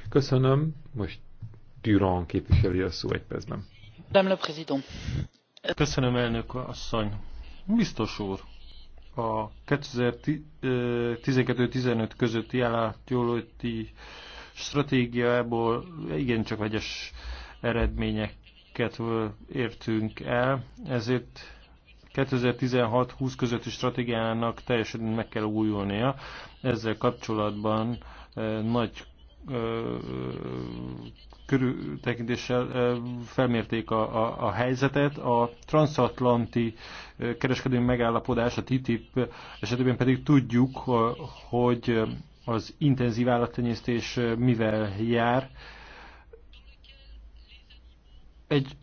Köszönöm, most Durand képviseli a szó egy percben. Köszönöm, elnök asszony. Biztos úr, a 2012-15 közötti állatjólóti stratégiából igencsak vegyes eredményeket értünk el, ezért 2016-20 közötti stratégiának teljesen meg kell újulnia. Ezzel kapcsolatban e, nagy e, körültekintéssel e, felmérték a, a, a helyzetet. A transatlanti kereskedelmi megállapodás, a TTIP esetében pedig tudjuk, hogy az intenzív állattenyésztés mivel jár. Egy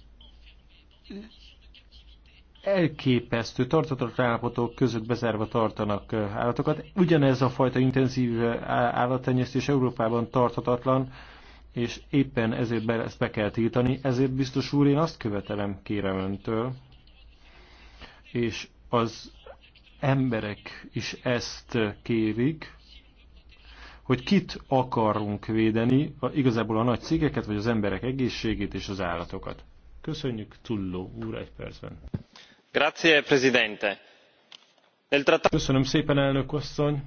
elképesztő tartatott állapotok között bezárva tartanak állatokat. Ugyanez a fajta intenzív állattenyésztés Európában tarthatatlan, és éppen ezért be, ezt be kell tiltani. Ezért biztos úr, én azt követelem, kérem öntől, és az emberek is ezt kérik, hogy kit akarunk védeni, igazából a nagy cégeket, vagy az emberek egészségét és az állatokat. Köszönjük, Tulló úr, egy percben elnök asszony!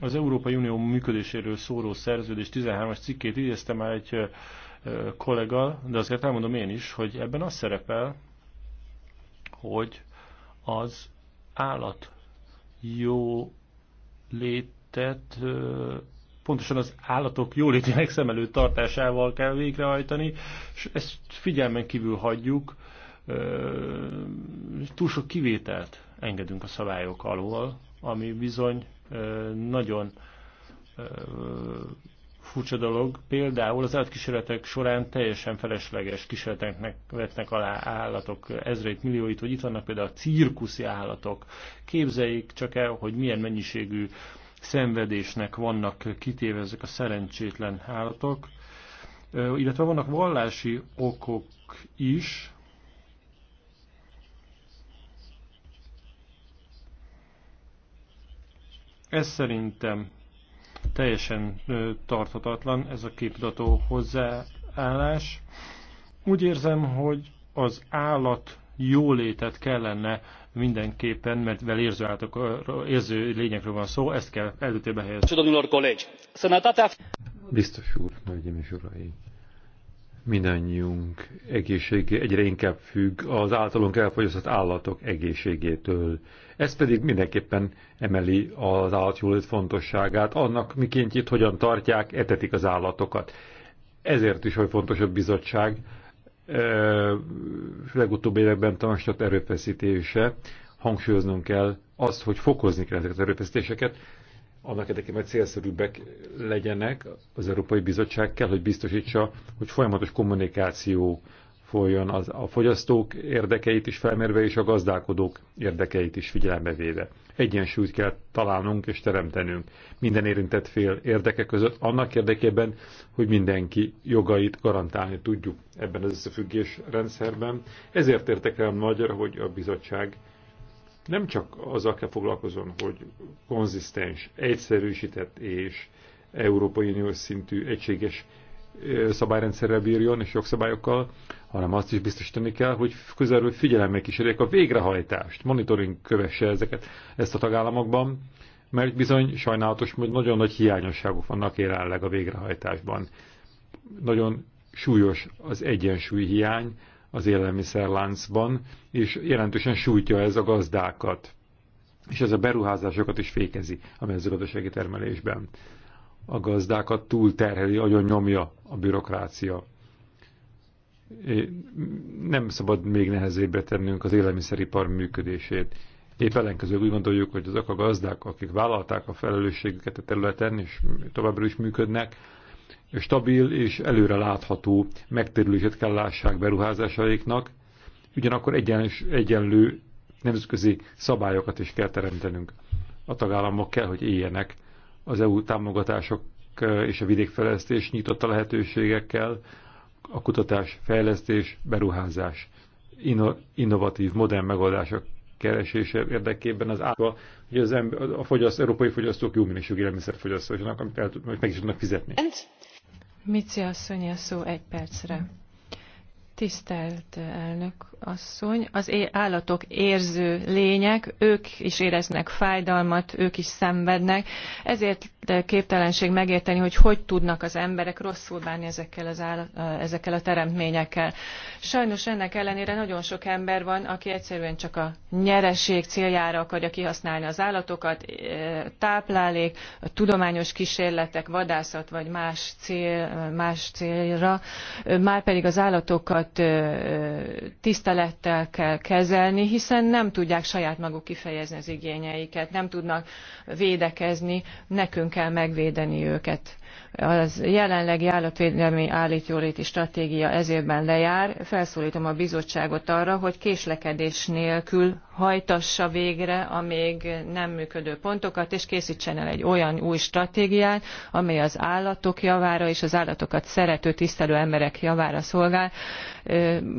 Az Európai Unió működéséről szóló szerződés thirteen as cikkét idézte már egy kollega, de azért elmondom én is, hogy ebben az szerepel, hogy az állat jó létet pontosan az állatok jólétének szem előtt tartásával kell végrehajtani, és ezt figyelmen kívül hagyjuk túl sok kivételt engedünk a szabályok alól, ami bizony nagyon furcsa dolog. Például az állatkísérletek során teljesen felesleges kísérleteknek vetnek alá állatok ezreit, millióit, vagy itt vannak például a cirkuszi állatok. Képzeljék csak el, hogy milyen mennyiségű szenvedésnek vannak kitéve ezek a szerencsétlen állatok. Illetve vannak vallási okok is, Ez szerintem teljesen tarthatatlan, ez a képmutató hozzáállás. Úgy érzem, hogy az állat jólétet kellene mindenképpen, mert vel érző, állatok, érző lényekről van szó, ezt kell előtérbe helyezni. Biztos úr, hölgyeim és uraim! mindannyiunk egészsége egyre inkább függ az általunk elfogyasztott állatok egészségétől. Ez pedig mindenképpen emeli az állatjólét fontosságát, annak miként itt hogyan tartják, etetik az állatokat. Ezért is, hogy fontos a bizottság legutóbbi években tanulstott erőfeszítése, hangsúlyoznunk kell azt, hogy fokozni kell ezeket az erőfeszítéseket, annak érdekében célszerűbbek legyenek, az Európai Bizottság kell, hogy biztosítsa, hogy folyamatos kommunikáció folyjon az, a fogyasztók érdekeit is felmérve, és a gazdálkodók érdekeit is figyelembe véve. Egyensúlyt kell találnunk és teremtenünk minden érintett fél érdeke között, annak érdekében, hogy mindenki jogait garantálni tudjuk ebben az összefüggés rendszerben. Ezért értek el nagyra, hogy a bizottság nem csak azzal kell foglalkozom, hogy konzisztens, egyszerűsített és Európai Uniós szintű egységes szabályrendszerrel bírjon és jogszabályokkal, hanem azt is biztosítani kell, hogy közelről figyelemmel kísérjék a végrehajtást, monitoring kövesse ezeket, ezt a tagállamokban, mert bizony sajnálatos, hogy nagyon nagy hiányosságok vannak jelenleg a végrehajtásban. Nagyon súlyos az egyensúly hiány, az élelmiszerláncban, és jelentősen sújtja ez a gazdákat. És ez a beruházásokat is fékezi a mezőgazdasági termelésben. A gazdákat túlterheli, agyon nyomja a bürokrácia. Nem szabad még nehezébbé tennünk az élelmiszeripar működését. Épp ellenkezőleg úgy gondoljuk, hogy azok a gazdák, akik vállalták a felelősségüket a területen, és továbbra is működnek, stabil és előre látható megtérülését kell lássák beruházásaiknak, ugyanakkor egyenlős, egyenlő nemzetközi szabályokat is kell teremtenünk. A tagállamok kell, hogy éljenek az EU támogatások eh, és a vidékfejlesztés nyitotta lehetőségekkel, a kutatás, fejlesztés, beruházás, inno, innovatív, modern megoldások keresése érdekében az állva, hogy az ember, a fogyaszt, európai fogyasztók jó minőségű élelmiszert fogyasztanak, amit el tud, meg is tudnak fizetni. Mici asszony a szó egy percre. Tisztelt elnök asszony, az állatok érző lények, ők is éreznek fájdalmat, ők is szenvednek, ezért eh, képtelenség megérteni, hogy hogy tudnak az emberek rosszul bánni ezekkel, az állat, eh, ezekkel a teremtményekkel. Sajnos ennek ellenére nagyon sok ember van, aki egyszerűen csak a nyereség céljára akarja kihasználni az állatokat, eh, táplálék, tudományos kísérletek, vadászat vagy más, cél, más célra, már pedig az állatokat tisztán tisztelettel kell kezelni, hiszen nem tudják saját maguk kifejezni az igényeiket, nem tudnak védekezni, nekünk kell megvédeni őket az jelenlegi állatvédelmi állítjóléti stratégia ezérben lejár. Felszólítom a bizottságot arra, hogy késlekedés nélkül hajtassa végre a még nem működő pontokat, és készítsen el egy olyan új stratégiát, amely az állatok javára és az állatokat szerető, tisztelő emberek javára szolgál.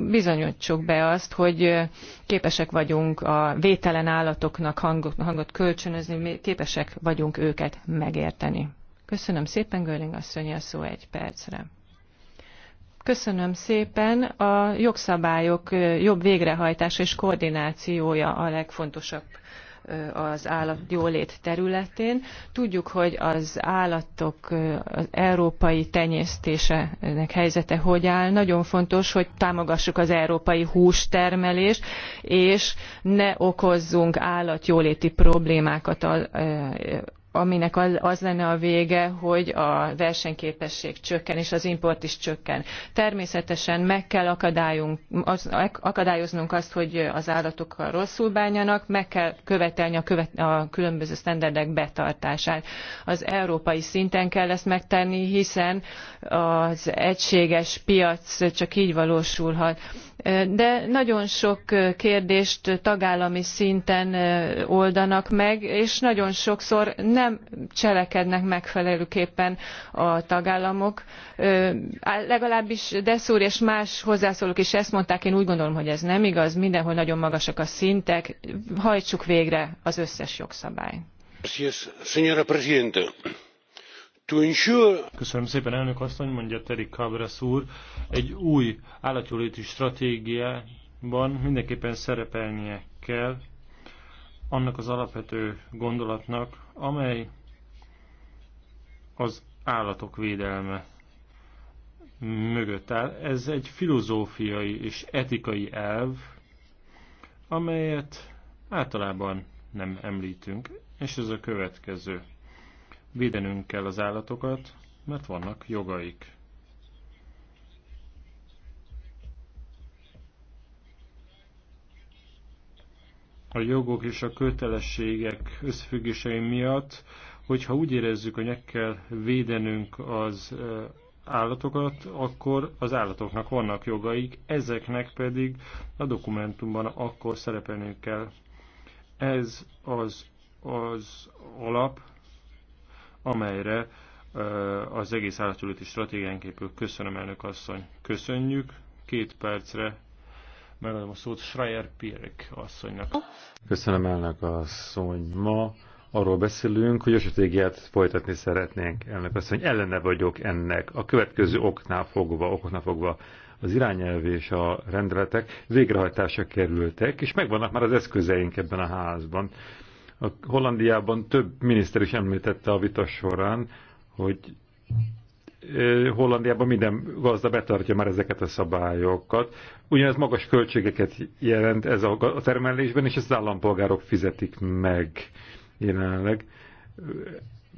Bizonyítsuk be azt, hogy képesek vagyunk a vételen állatoknak hangot, hangot kölcsönözni, képesek vagyunk őket megérteni. Köszönöm szépen, Göring asszony, a szó egy percre. Köszönöm szépen. A jogszabályok jobb végrehajtása és koordinációja a legfontosabb az jólét területén. Tudjuk, hogy az állatok az európai tenyésztésének helyzete hogy áll. Nagyon fontos, hogy támogassuk az európai hústermelést, és ne okozzunk állatjóléti problémákat aminek az, az lenne a vége, hogy a versenyképesség csökken, és az import is csökken. Természetesen meg kell az, akadályoznunk azt, hogy az állatokkal rosszul bánjanak, meg kell követelni a, követ, a különböző sztenderdek betartását. Az európai szinten kell ezt megtenni, hiszen az egységes piac csak így valósulhat de nagyon sok kérdést tagállami szinten oldanak meg, és nagyon sokszor nem cselekednek megfelelőképpen a tagállamok. Legalábbis Deszúr és más hozzászólók is ezt mondták, én úgy gondolom, hogy ez nem igaz, mindenhol nagyon magasak a szintek, hajtsuk végre az összes jogszabályt. Köszönöm szépen, elnök asszony, mondja Teri Cabras úr. Egy új állatjóléti stratégiában mindenképpen szerepelnie kell annak az alapvető gondolatnak, amely az állatok védelme mögött áll. Ez egy filozófiai és etikai elv, amelyet általában nem említünk, és ez a következő. Védenünk kell az állatokat, mert vannak jogaik. A jogok és a kötelességek összfüggései miatt, hogyha úgy érezzük, hogy meg kell védenünk az állatokat, akkor az állatoknak vannak jogaik, ezeknek pedig a dokumentumban akkor szerepelnünk kell. Ez az, az alap, amelyre az egész állatúlíti stratégiánk épül. Köszönöm, elnök asszony. Köszönjük. Két percre megadom a szót Schreier Pirek asszonynak. Köszönöm, elnök asszony. Ma arról beszélünk, hogy a stratégiát folytatni szeretnénk. Elnök asszony, ellene vagyok ennek. A következő oknál fogva, oknál fogva az irányelv és a rendeletek végrehajtásra kerültek, és megvannak már az eszközeink ebben a házban a Hollandiában több miniszter is említette a vita során, hogy Hollandiában minden gazda betartja már ezeket a szabályokat. Ugyanez magas költségeket jelent ez a termelésben, és ezt az állampolgárok fizetik meg jelenleg.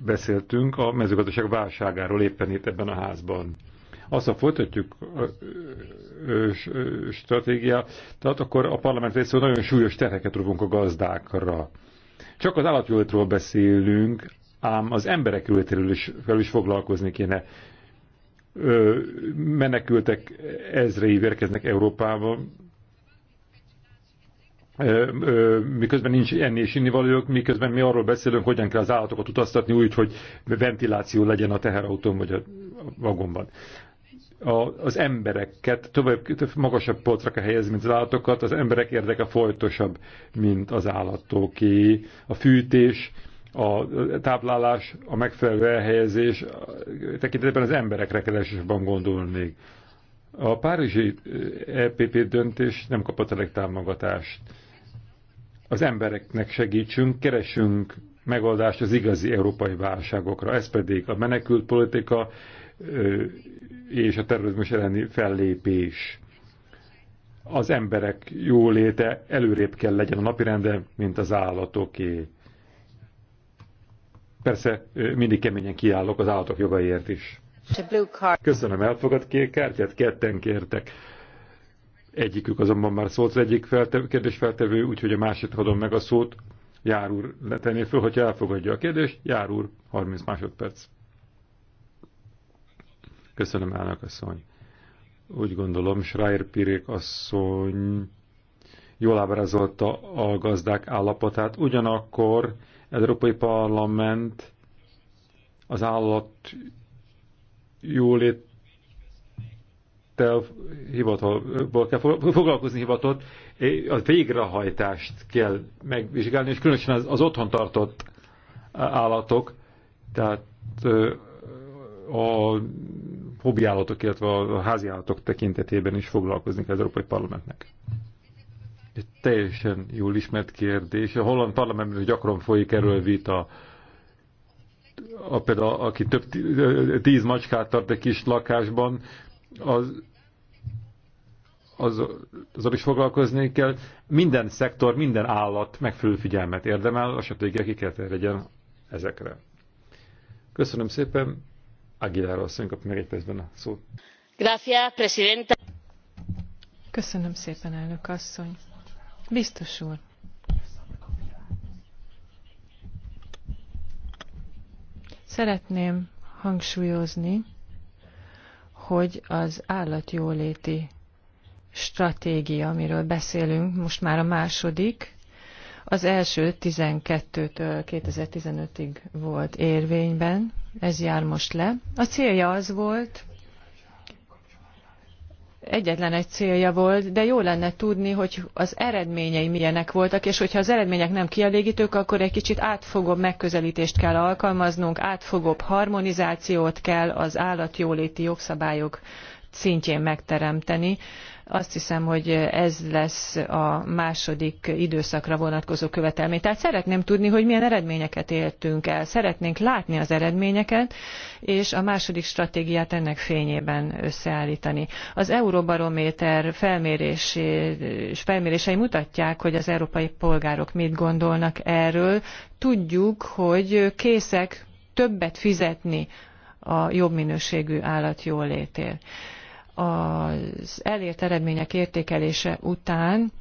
Beszéltünk a mezőgazdaság válságáról éppen itt ebben a házban. Azt folytatjuk a stratégiát, tehát akkor a parlament részéről nagyon súlyos terheket rúgunk a gazdákra. Csak az állatjólétről beszélünk, ám az emberek jólétéről is, is foglalkozni kéne. Ö, menekültek ezrei érkeznek Európába, ö, ö, miközben nincs enni és valójuk, miközben mi arról beszélünk, hogyan kell az állatokat utaztatni úgy, hogy ventiláció legyen a teherautón vagy a vagonban a, az embereket tovább magasabb polcra kell helyezni, mint az állatokat, az emberek érdeke folytosabb, mint az állatoké. A fűtés, a táplálás, a megfelelő elhelyezés, tekintetben az emberekre kell elsősorban gondolni. A párizsi EPP eh, e döntés nem kapott elég támogatást. Az embereknek segítsünk, keresünk megoldást az igazi európai válságokra. Ez pedig a menekült politika, és a terrorizmus elleni fellépés. Az emberek jóléte előrébb kell legyen a napirenden, mint az állatoké. Persze mindig keményen kiállok az állatok jogaiért is. Köszönöm, elfogad kék kártyát, ketten kértek. Egyikük azonban már szólt az egyik kérdés kérdésfeltevő, úgyhogy a másik adom meg a szót. Jár úr, letenné föl, hogyha elfogadja a kérdést. Jár úr, 30 másodperc. Köszönöm, elnök asszony. Úgy gondolom, Schreier Pirék asszony jól ábrázolta a gazdák állapotát. Ugyanakkor az Európai Parlament az állat jólétel hivatalból kell foglalkozni hivatott, a végrehajtást kell megvizsgálni, és különösen az, az otthon tartott állatok, tehát a állatok, illetve a állatok tekintetében is foglalkozni az Európai Parlamentnek. Egy teljesen jól ismert kérdés. A holland parlamentben gyakran folyik erről vita. A, például, aki több tíz macskát tart egy kis lakásban, az az, azzal is foglalkozni kell. Minden szektor, minden állat megfelelő figyelmet érdemel, a stratégia ki kell legyen ezekre. Köszönöm szépen meg egy a szót. Gracias, presidenta. Köszönöm szépen, elnök asszony. Biztos úr. Szeretném hangsúlyozni, hogy az állatjóléti stratégia, amiről beszélünk, most már a második, az első 12-től 2015-ig volt érvényben, ez jár most le. A célja az volt, egyetlen egy célja volt, de jó lenne tudni, hogy az eredményei milyenek voltak, és hogyha az eredmények nem kielégítők, akkor egy kicsit átfogóbb megközelítést kell alkalmaznunk, átfogóbb harmonizációt kell az állatjóléti jogszabályok szintjén megteremteni, azt hiszem, hogy ez lesz a második időszakra vonatkozó követelmény. Tehát szeretném tudni, hogy milyen eredményeket éltünk el. Szeretnénk látni az eredményeket, és a második stratégiát ennek fényében összeállítani. Az Euróbarométer felmérés, felmérései mutatják, hogy az európai polgárok mit gondolnak erről. Tudjuk, hogy készek többet fizetni a jobb minőségű állat jólétért az elért eredmények értékelése után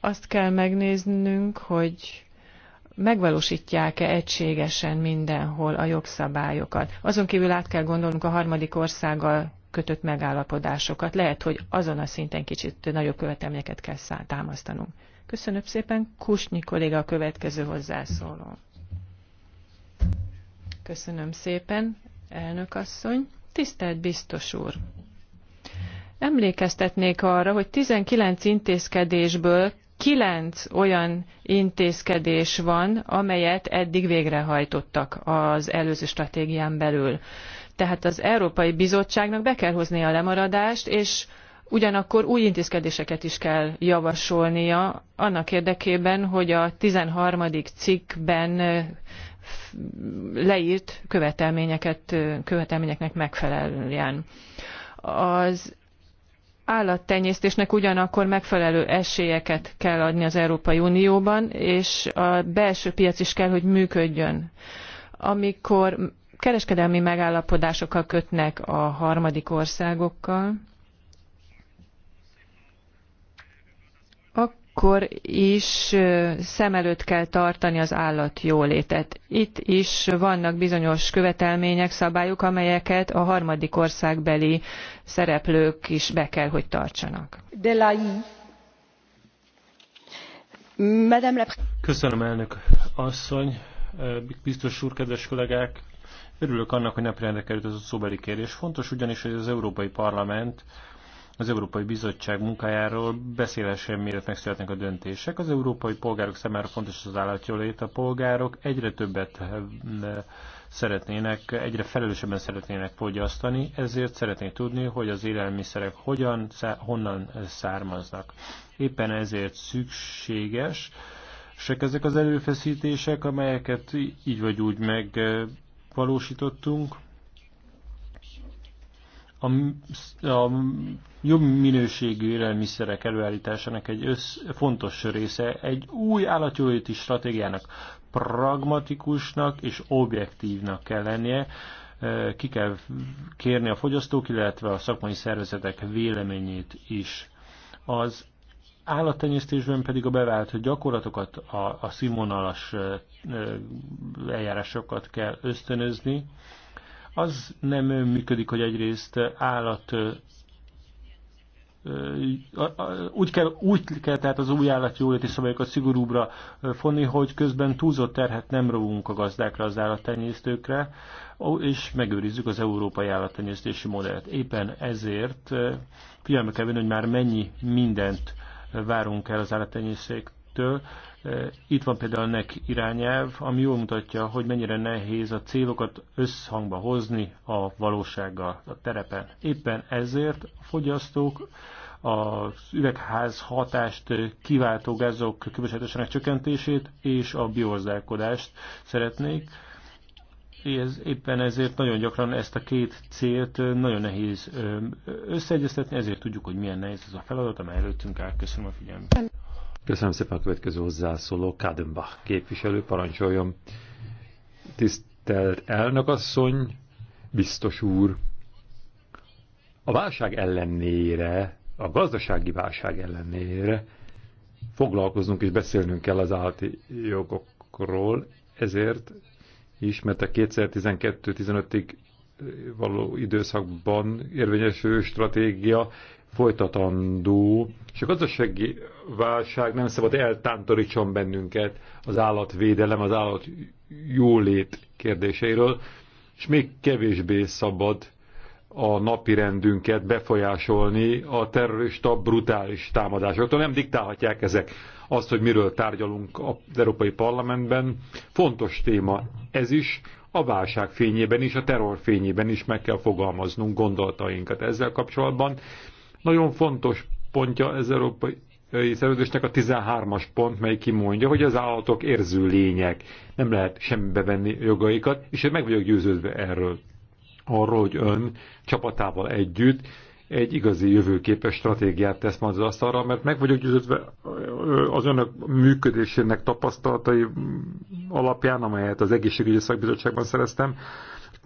azt kell megnéznünk, hogy megvalósítják-e egységesen mindenhol a jogszabályokat. Azon kívül át kell gondolnunk a harmadik országgal kötött megállapodásokat. Lehet, hogy azon a szinten kicsit nagyobb követelményeket kell támasztanunk. Köszönöm szépen. Kusnyi kolléga a következő hozzászóló. Köszönöm szépen, elnök asszony. Tisztelt biztos úr! Emlékeztetnék arra, hogy 19 intézkedésből 9 olyan intézkedés van, amelyet eddig végrehajtottak az előző stratégián belül. Tehát az Európai Bizottságnak be kell hozni a lemaradást, és ugyanakkor új intézkedéseket is kell javasolnia annak érdekében, hogy a 13. cikkben leírt követelményeket, követelményeknek megfelelően. Az állattenyésztésnek ugyanakkor megfelelő esélyeket kell adni az Európai Unióban, és a belső piac is kell, hogy működjön. Amikor kereskedelmi megállapodásokkal kötnek a harmadik országokkal, akkor is szem előtt kell tartani az állat jólétet. Itt is vannak bizonyos követelmények, szabályok, amelyeket a harmadik országbeli szereplők is be kell, hogy tartsanak. Köszönöm, elnök asszony, biztos úr, kedves kollégák! Örülök annak, hogy napirendre került ez a szóbeli kérés. Fontos ugyanis, hogy az Európai Parlament az Európai Bizottság munkájáról beszélesen miért megszületnek a döntések. Az európai polgárok számára fontos az állatjólét. A polgárok egyre többet eh, szeretnének, egyre felelősebben szeretnének fogyasztani, ezért szeretnék tudni, hogy az élelmiszerek hogyan, honnan eh, származnak. Éppen ezért szükséges, sek ezek az előfeszítések, amelyeket így vagy úgy megvalósítottunk, eh, a, a jobb minőségű élelmiszerek előállításának egy össz, fontos része egy új állatjóléti stratégiának pragmatikusnak és objektívnak kell lennie, ki kell kérni a fogyasztók, illetve a szakmai szervezetek véleményét is. Az állattenyésztésben pedig a bevált gyakorlatokat, a, a színvonalas eljárásokat kell ösztönözni, az nem működik, hogy egyrészt állat úgy kell, úgy kell tehát az új jóléti szabályokat szigorúbbra fonni, hogy közben túlzott terhet nem rovunk a gazdákra, az állattenyésztőkre, és megőrizzük az európai állattenyésztési modellt. Éppen ezért figyelme kell venni, hogy már mennyi mindent várunk el az állattenyésztéktől, itt van például a NEC irányelv, ami jól mutatja, hogy mennyire nehéz a célokat összhangba hozni a valósággal a terepen. Éppen ezért a fogyasztók az üvegház hatást kiváltó gázok kibocsátásának csökkentését és a biogazdálkodást szeretnék. Ez, éppen ezért nagyon gyakran ezt a két célt nagyon nehéz összeegyeztetni, ezért tudjuk, hogy milyen nehéz ez a feladat, amely előttünk áll. Köszönöm a figyelmet. Köszönöm szépen a következő hozzászóló, Kádenbach képviselő, parancsoljon. Tisztelt elnökasszony, biztos úr, a válság ellenére, a gazdasági válság ellenére foglalkoznunk és beszélnünk kell az állati jogokról, ezért is, mert a 2012-15-ig való időszakban érvényesülő stratégia folytatandó, és a gazdasági válság nem szabad eltántorítson bennünket az állatvédelem, az állat jólét kérdéseiről, és még kevésbé szabad a napi rendünket befolyásolni a terrorista brutális támadásoktól. Nem diktálhatják ezek azt, hogy miről tárgyalunk az Európai Parlamentben. Fontos téma ez is, a válság fényében is, a terror fényében is meg kell fogalmaznunk gondolatainkat ezzel kapcsolatban, nagyon fontos pontja az európai szerződésnek a 13-as pont, mely kimondja, hogy az állatok érző lények, nem lehet semmibe venni jogaikat, és én meg vagyok győződve erről, arról, hogy ön csapatával együtt egy igazi jövőképes stratégiát tesz majd az asztalra, mert meg vagyok győződve az önök működésének tapasztalatai alapján, amelyet az egészségügyi szakbizottságban szereztem,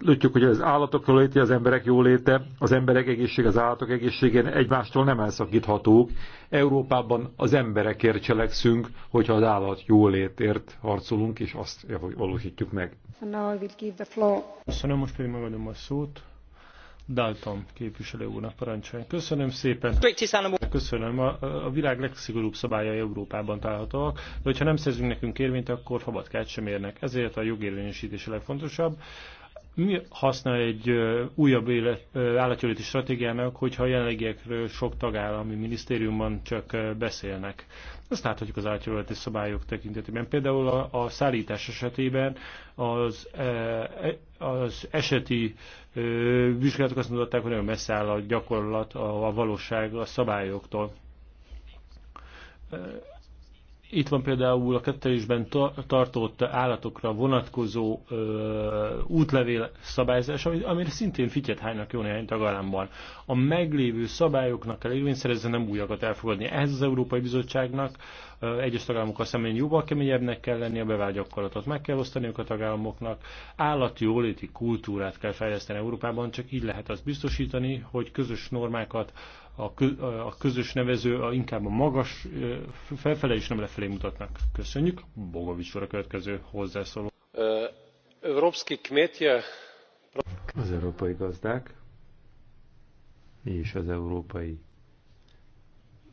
látjuk, hogy az állatok jóléte, az emberek jóléte, az emberek egészsége, az állatok egészségén egymástól nem elszakíthatók. Európában az emberekért cselekszünk, hogyha az állat jólétért harcolunk, és azt valósítjuk meg. Köszönöm, most pedig megadom a szót. Dalton képviselő úrnak parancsoljon. Köszönöm szépen. Köszönöm. A, a világ legszigorúbb szabályai Európában találhatóak, de hogyha nem szerzünk nekünk érvényt, akkor habatkát sem érnek. Ezért a jogérvényesítés a legfontosabb mi haszna egy újabb élet, állatjóléti stratégiának, hogyha a jelenlegiekről sok tagállami minisztériumban csak beszélnek? Ezt láthatjuk az állatjóléti szabályok tekintetében. Például a, a szállítás esetében az, e, az eseti vizsgálatok azt mondották, hogy nagyon messze áll a gyakorlat, a, a valóság a szabályoktól itt van például a kettelésben tartott állatokra vonatkozó ö, útlevél szabályzás, amire szintén fityet hánynak jó néhány tagállamban. A meglévő szabályoknak kell érvényszerezni, nem újakat elfogadni. Ehhez az Európai Bizottságnak ö, egyes tagállamokkal szemben jóval keményebbnek kell lenni, a bevált gyakorlatot meg kell osztaniuk a tagállamoknak, állati jóléti kultúrát kell fejleszteni Európában, csak így lehet azt biztosítani, hogy közös normákat a közös nevező a inkább a magas felfele és nem lefelé mutatnak. Köszönjük. Bogovics a következő hozzászóló. Az európai gazdák és az európai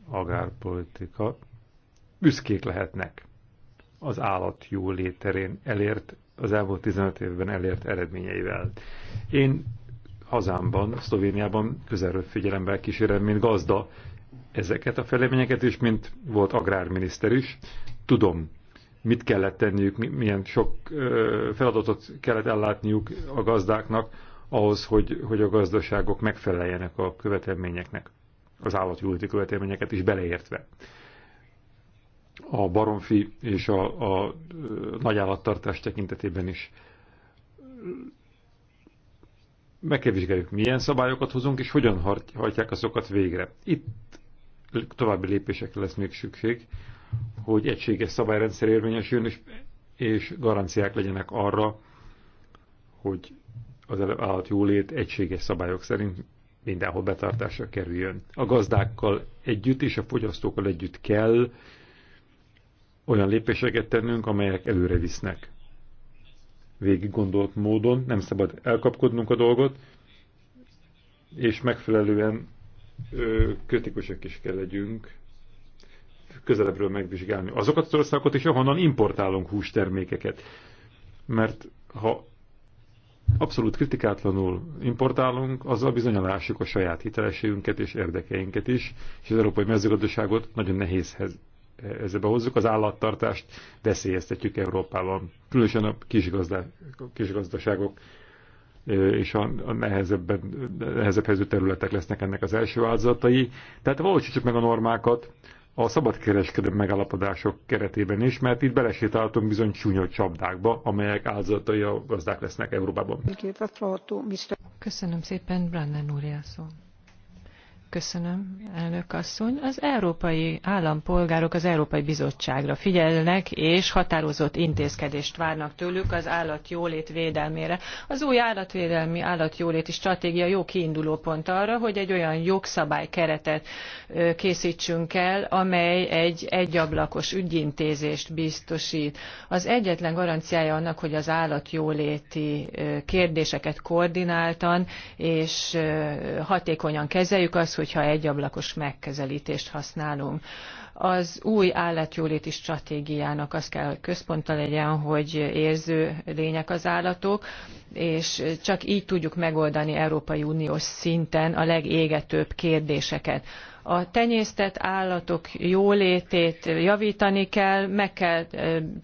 agárpolitika büszkék lehetnek az állat jó léterén elért, az elmúlt 15 évben elért eredményeivel. Én hazámban, Szlovéniában közelről figyelembe kísérem, mint gazda ezeket a feleményeket, is, mint volt agrárminiszter is, tudom, mit kellett tenniük, milyen sok feladatot kellett ellátniuk a gazdáknak ahhoz, hogy, hogy a gazdaságok megfeleljenek a követelményeknek, az állatjóléti követelményeket is beleértve. A baromfi és a, a nagyállattartás tekintetében is meg kell vizsgáljuk, milyen szabályokat hozunk, és hogyan hajtják azokat végre. Itt további lépésekre lesz még szükség, hogy egységes szabályrendszer érvényesüljön, és, és garanciák legyenek arra, hogy az állat jólét egységes szabályok szerint mindenhol betartásra kerüljön. A gazdákkal együtt és a fogyasztókkal együtt kell olyan lépéseket tennünk, amelyek előre visznek végig gondolt módon, nem szabad elkapkodnunk a dolgot, és megfelelően ö, kritikusak is kell legyünk, közelebbről megvizsgálni azokat az országokat is, ahonnan importálunk hústermékeket. Mert ha abszolút kritikátlanul importálunk, azzal bizony a saját hitelességünket és érdekeinket is, és az európai mezőgazdaságot nagyon nehéz ezzel behozzuk, az állattartást veszélyeztetjük Európában. Különösen a kisgazdá, kisgazdaságok és a, nehezebben nehezebb, nehezebb helyző területek lesznek ennek az első áldozatai. Tehát valósítsuk meg a normákat a szabadkereskedelmi megállapodások keretében is, mert itt belesétáltunk bizony csúnya csapdákba, amelyek áldozatai a gazdák lesznek Európában. Köszönöm szépen, Brandon úr, Köszönöm, elnök asszony. Az európai állampolgárok az Európai Bizottságra figyelnek, és határozott intézkedést várnak tőlük az állatjólét védelmére. Az új állatvédelmi állatjóléti stratégia jó kiindulópont arra, hogy egy olyan jogszabálykeretet készítsünk el, amely egy egyablakos ügyintézést biztosít. Az egyetlen garanciája annak, hogy az állatjóléti kérdéseket koordináltan és hatékonyan kezeljük, az, hogyha egyablakos megkezelítést használunk. Az új állatjóléti stratégiának az kell, hogy központa legyen, hogy érző lények az állatok, és csak így tudjuk megoldani Európai Uniós szinten a legégetőbb kérdéseket a tenyésztett állatok jólétét javítani kell, meg kell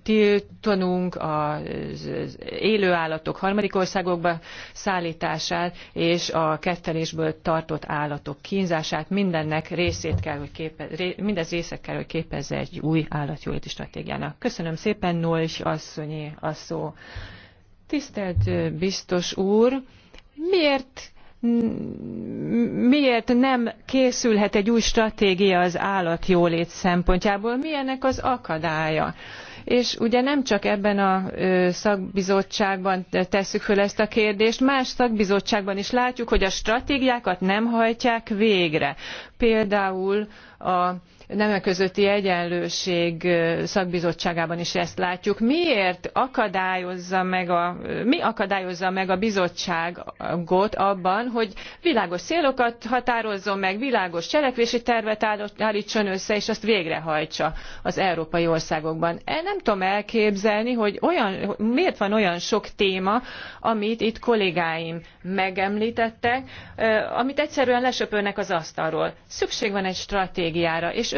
tiltanunk az élő állatok harmadik országokba szállítását és a kettelésből tartott állatok kínzását. Mindennek részét kell, hogy képe, mindez része kell, hogy képezze egy új állatjóléti stratégiának. Köszönöm szépen, Nolcs asszonyé a szó. Tisztelt biztos úr, miért miért nem készülhet egy új stratégia az állatjólét szempontjából? Mi ennek az akadálya? és ugye nem csak ebben a szakbizottságban tesszük föl ezt a kérdést, más szakbizottságban is látjuk, hogy a stratégiákat nem hajtják végre. Például a nemek közötti egyenlőség szakbizottságában is ezt látjuk. Miért akadályozza meg a, mi akadályozza meg a bizottságot abban, hogy világos célokat határozzon meg, világos cselekvési tervet állítson össze, és azt végrehajtsa az európai országokban. E, nem tudom elképzelni, hogy olyan, miért van olyan sok téma, amit itt kollégáim megemlítettek, amit egyszerűen lesöpörnek az asztalról. Szükség van egy stratégiára, és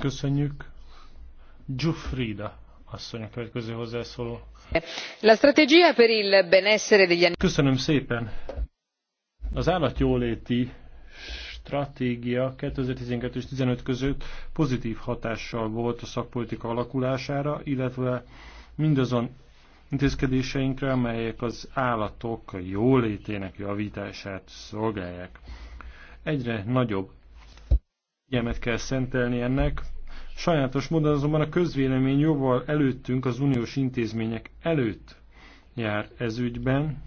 Köszönjük. Giuffrida asszony a következő hozzászóló. La strategia per il benessere degli animali. Köszönöm szépen. Az állatjóléti stratégia 2012 és 15 között pozitív hatással volt a szakpolitika alakulására, illetve mindazon intézkedéseinkre, amelyek az állatok jólétének javítását szolgálják. Egyre nagyobb figyelmet kell szentelni ennek. Sajnálatos módon azonban a közvélemény jóval előttünk, az uniós intézmények előtt jár ez ügyben,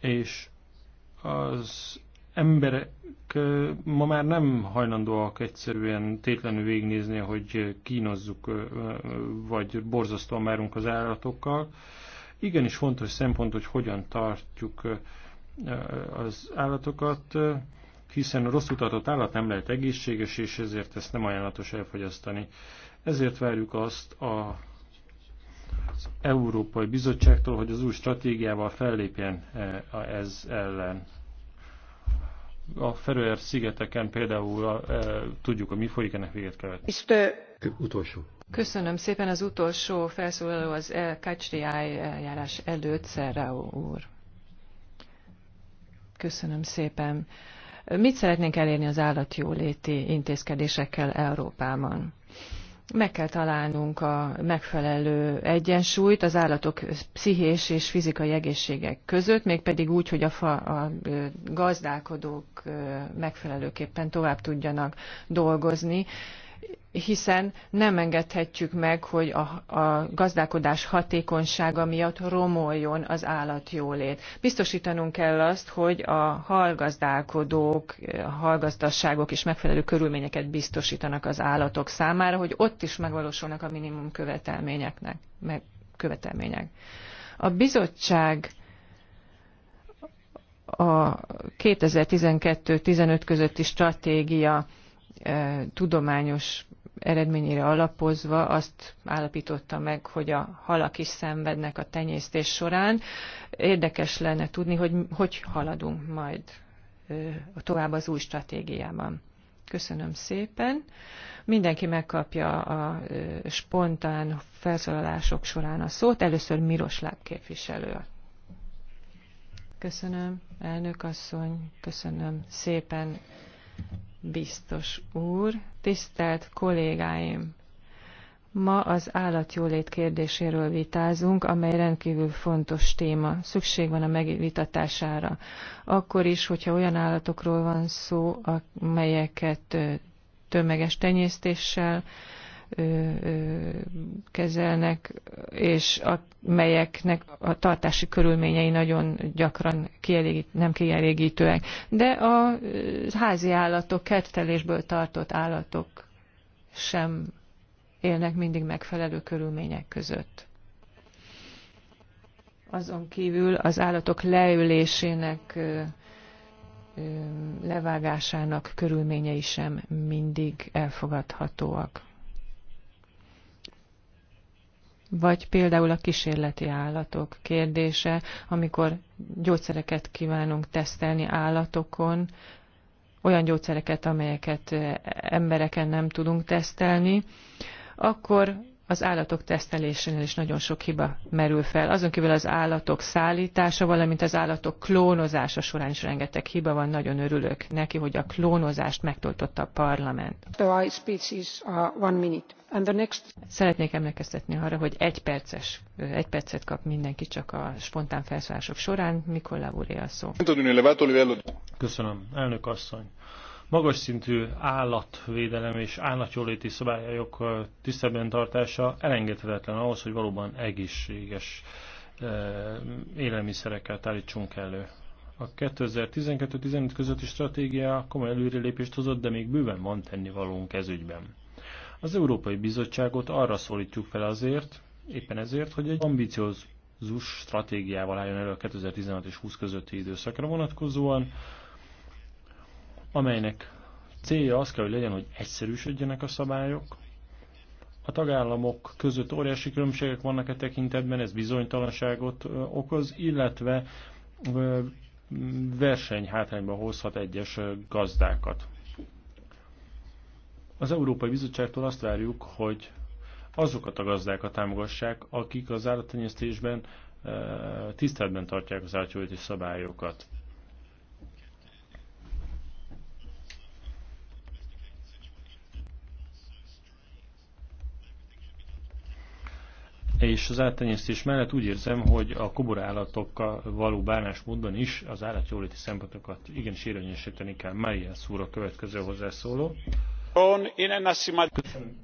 és az emberek ma már nem hajlandóak egyszerűen tétlenül végignézni, hogy kínozzuk, vagy borzasztóan márunk az állatokkal. Igenis fontos szempont, hogy hogyan tartjuk az állatokat hiszen a rossz utatott állat nem lehet egészséges, és ezért ezt nem ajánlatos elfogyasztani. Ezért várjuk azt a, az Európai Bizottságtól, hogy az új stratégiával fellépjen e, ez ellen. A Ferőer szigeteken például e, tudjuk, hogy mi folyik ennek véget kellett. Utolsó. Köszönöm szépen. Az utolsó felszólaló az KCDI eljárás előtt, Szerra úr. Köszönöm szépen. Mit szeretnénk elérni az állatjóléti intézkedésekkel Európában? Meg kell találnunk a megfelelő egyensúlyt az állatok pszichés és fizikai egészségek között, mégpedig úgy, hogy a, fa, a gazdálkodók megfelelőképpen tovább tudjanak dolgozni, hiszen nem engedhetjük meg, hogy a, a gazdálkodás hatékonysága miatt romoljon az állatjólét. Biztosítanunk kell azt, hogy a halgazdálkodók, a halgazdaságok is megfelelő körülményeket biztosítanak az állatok számára, hogy ott is megvalósulnak a minimum követelményeknek, meg, követelmények. A bizottság a 2012-15 közötti stratégia tudományos eredményére alapozva azt állapította meg, hogy a halak is szenvednek a tenyésztés során. Érdekes lenne tudni, hogy hogy haladunk majd tovább az új stratégiában. Köszönöm szépen. Mindenki megkapja a spontán felszólalások során a szót. Először Láb képviselő. Köszönöm, elnök asszony, köszönöm szépen biztos úr, tisztelt kollégáim! Ma az állatjólét kérdéséről vitázunk, amely rendkívül fontos téma. Szükség van a megvitatására. Akkor is, hogyha olyan állatokról van szó, amelyeket tömeges tenyésztéssel, kezelnek, és a, melyeknek a tartási körülményei nagyon gyakran kielégít, nem kielégítőek. De a házi állatok, kertelésből tartott állatok sem élnek mindig megfelelő körülmények között. Azon kívül az állatok leülésének, levágásának körülményei sem mindig elfogadhatóak vagy például a kísérleti állatok kérdése, amikor gyógyszereket kívánunk tesztelni állatokon, olyan gyógyszereket, amelyeket embereken nem tudunk tesztelni, akkor az állatok tesztelésénél is nagyon sok hiba merül fel. Azon kívül az állatok szállítása, valamint az állatok klónozása során is rengeteg hiba van. Nagyon örülök neki, hogy a klónozást megtoltotta a parlament. Szeretnék emlékeztetni arra, hogy egy, perces, egy percet kap mindenki csak a spontán felszólások során. Mikor úré a szó. Köszönöm, elnök asszony magas szintű állatvédelem és állatjóléti szabályok tisztelben tartása elengedhetetlen ahhoz, hogy valóban egészséges élelmiszerekkel állítsunk elő. A 2012-15 közötti stratégia komoly előrelépést hozott, de még bőven van tennivalónk ez ügyben. Az Európai Bizottságot arra szólítjuk fel azért, éppen ezért, hogy egy ambiciózus stratégiával álljon elő a 2016 és 20 közötti időszakra vonatkozóan, amelynek célja az kell, hogy legyen, hogy egyszerűsödjenek a szabályok. A tagállamok között óriási különbségek vannak e tekintetben, ez bizonytalanságot okoz, illetve versenyhátrányba hozhat egyes gazdákat. Az Európai Bizottságtól azt várjuk, hogy azokat a gazdákat támogassák, akik az állattenyésztésben tiszteletben tartják az állatjóléti szabályokat. és az áttenyésztés mellett úgy érzem, hogy a koborállatokkal való bánásmódban is az állatjóléti szempontokat igen sérülnyesíteni kell. Mária szóra következő hozzászóló.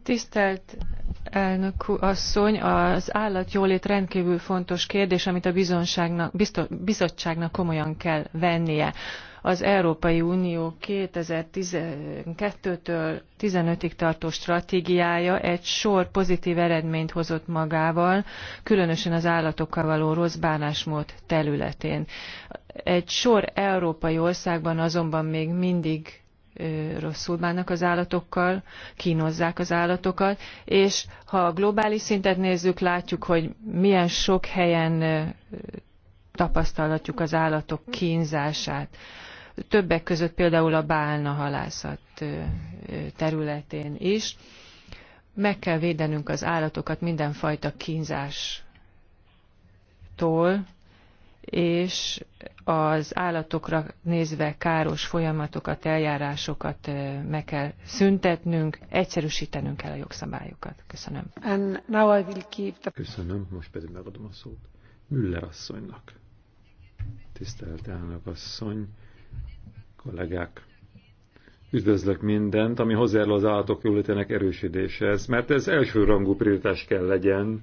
Tisztelt elnök asszony, az állatjólét rendkívül fontos kérdés, amit a bizottságnak komolyan kell vennie az Európai Unió 2012-től 15-ig tartó stratégiája egy sor pozitív eredményt hozott magával, különösen az állatokkal való rossz bánásmód területén. Egy sor európai országban azonban még mindig rosszul bánnak az állatokkal, kínozzák az állatokat, és ha a globális szintet nézzük, látjuk, hogy milyen sok helyen tapasztalhatjuk az állatok kínzását. Többek között például a bálna halászat területén is. Meg kell védenünk az állatokat mindenfajta kínzástól, és az állatokra nézve káros folyamatokat, eljárásokat meg kell szüntetnünk, egyszerűsítenünk kell a jogszabályokat. Köszönöm. And now I will keep the... Köszönöm, most pedig megadom a szót Müller asszonynak tisztelt elnök asszony, kollégák! Üdvözlök mindent, ami hozzájárul az állatok jólétének erősödéséhez, mert ez elsőrangú prioritás kell legyen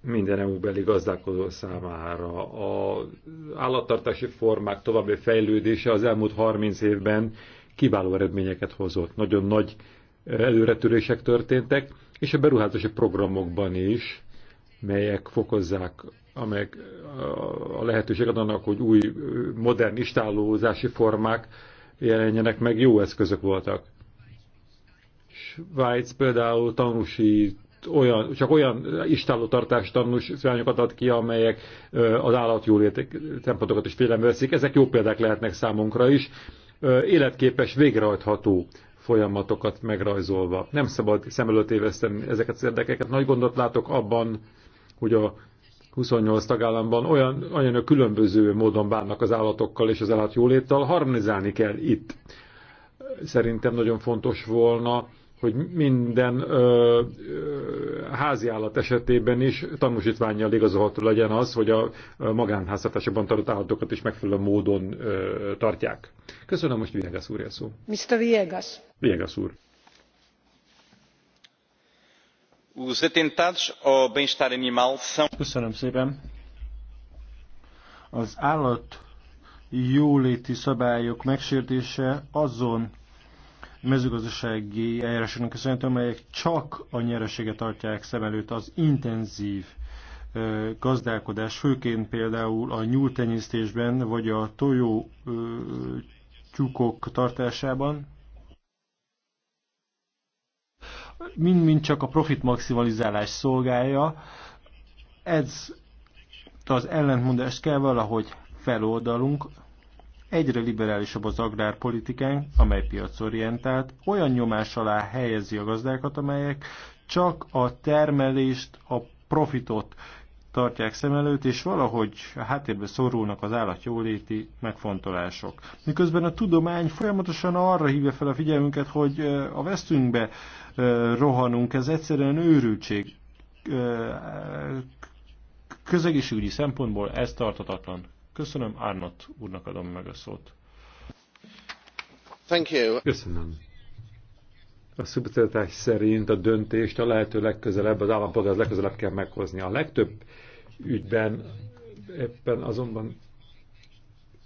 minden EU-beli gazdálkodó számára. Az állattartási formák további fejlődése az elmúlt 30 évben kiváló eredményeket hozott. Nagyon nagy előretörések történtek, és a beruházási programokban is, melyek fokozzák amelyek a lehetőséget annak, hogy új, modern istállózási formák jelenjenek meg, jó eszközök voltak. Svájc például tanúsít olyan, csak olyan istállótartás tanúsítványokat ad ki, amelyek az állatjólét szempontokat is figyelembe veszik. Ezek jó példák lehetnek számunkra is. Életképes, végrehajtható folyamatokat megrajzolva. Nem szabad szem előtt éveszteni ezeket az érdekeket. Nagy gondot látok abban, hogy a 28 tagállamban olyan, olyan különböző módon bánnak az állatokkal és az állat jóléttal, harmonizálni kell itt. Szerintem nagyon fontos volna, hogy minden ö, ö, állat esetében is tanúsítványjal igazolható legyen az, hogy a magánháztartásokban tartott állatokat is megfelelő módon ö, tartják. Köszönöm, most Viegas úr szó. Mr. Viegas. Viegas úr bem-estar animal são... Köszönöm szépen. Az állat jóléti szabályok megsértése azon mezőgazdasági eljárásoknak köszönhető, amelyek csak a nyereséget tartják szem előtt az intenzív gazdálkodás, főként például a nyúltenyésztésben vagy a tojó tyúkok tartásában, mind-mind csak a profit maximalizálás szolgálja. Ez az ellentmondást kell valahogy feloldalunk. Egyre liberálisabb az agrárpolitikánk, amely piacorientált, olyan nyomás alá helyezi a gazdákat, amelyek csak a termelést, a profitot tartják szem előtt, és valahogy a háttérbe szorulnak az állatjóléti megfontolások. Miközben a tudomány folyamatosan arra hívja fel a figyelmünket, hogy a vesztünkbe rohanunk, ez egyszerűen őrültség. Közegészségügyi szempontból ez tartatatlan. Köszönöm, Árnott úrnak adom meg a szót. Thank you. Köszönöm. A szubtiltás szerint a döntést a lehető legközelebb, az állampolgár legközelebb kell meghozni. A legtöbb ügyben éppen azonban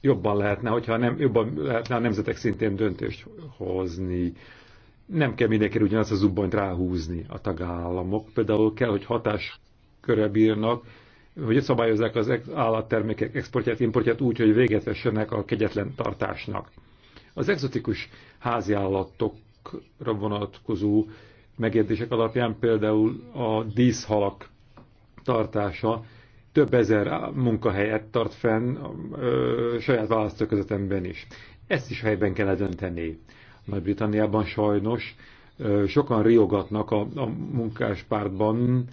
jobban lehetne, hogyha nem, jobban lehetne a nemzetek szintén döntést hozni nem kell mindenkire ugyanazt a zubbonyt ráhúzni a tagállamok. Például kell, hogy hatásköre bírnak, hogy szabályozzák az állattermékek exportját, importját úgy, hogy véget vessenek a kegyetlen tartásnak. Az exotikus háziállatokra vonatkozó megérdések alapján például a díszhalak tartása több ezer munkahelyet tart fenn a saját választóközetemben is. Ezt is helyben kell dönteni. Nagy-Britanniában sajnos sokan riogatnak a, a munkáspártban,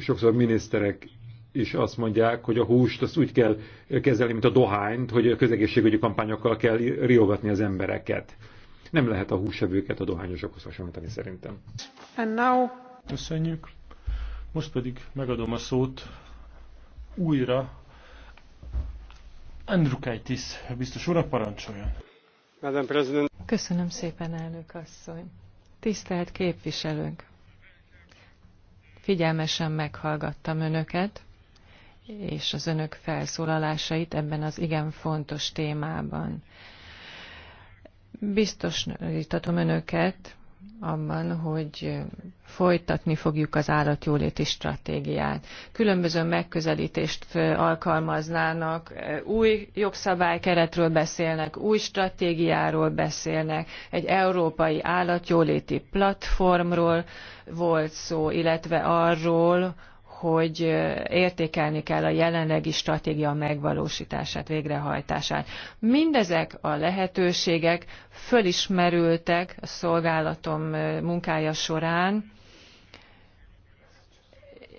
sokszor miniszterek is azt mondják, hogy a húst azt úgy kell kezelni, mint a dohányt, hogy a közegészségügyi kampányokkal kell riogatni az embereket. Nem lehet a húsevőket a dohányosokhoz hasonlítani szerintem. And now... Köszönjük. Most pedig megadom a szót újra Andrew Andrukaitis biztos a parancsoljon. Köszönöm szépen, elnök asszony. Tisztelt képviselők! Figyelmesen meghallgattam önöket és az önök felszólalásait ebben az igen fontos témában. Biztosítatom önöket, abban, hogy folytatni fogjuk az állatjóléti stratégiát. Különböző megközelítést alkalmaznának, új jogszabálykeretről beszélnek, új stratégiáról beszélnek, egy európai állatjóléti platformról volt szó, illetve arról, hogy értékelni kell a jelenlegi stratégia megvalósítását, végrehajtását. Mindezek a lehetőségek fölismerültek a szolgálatom munkája során,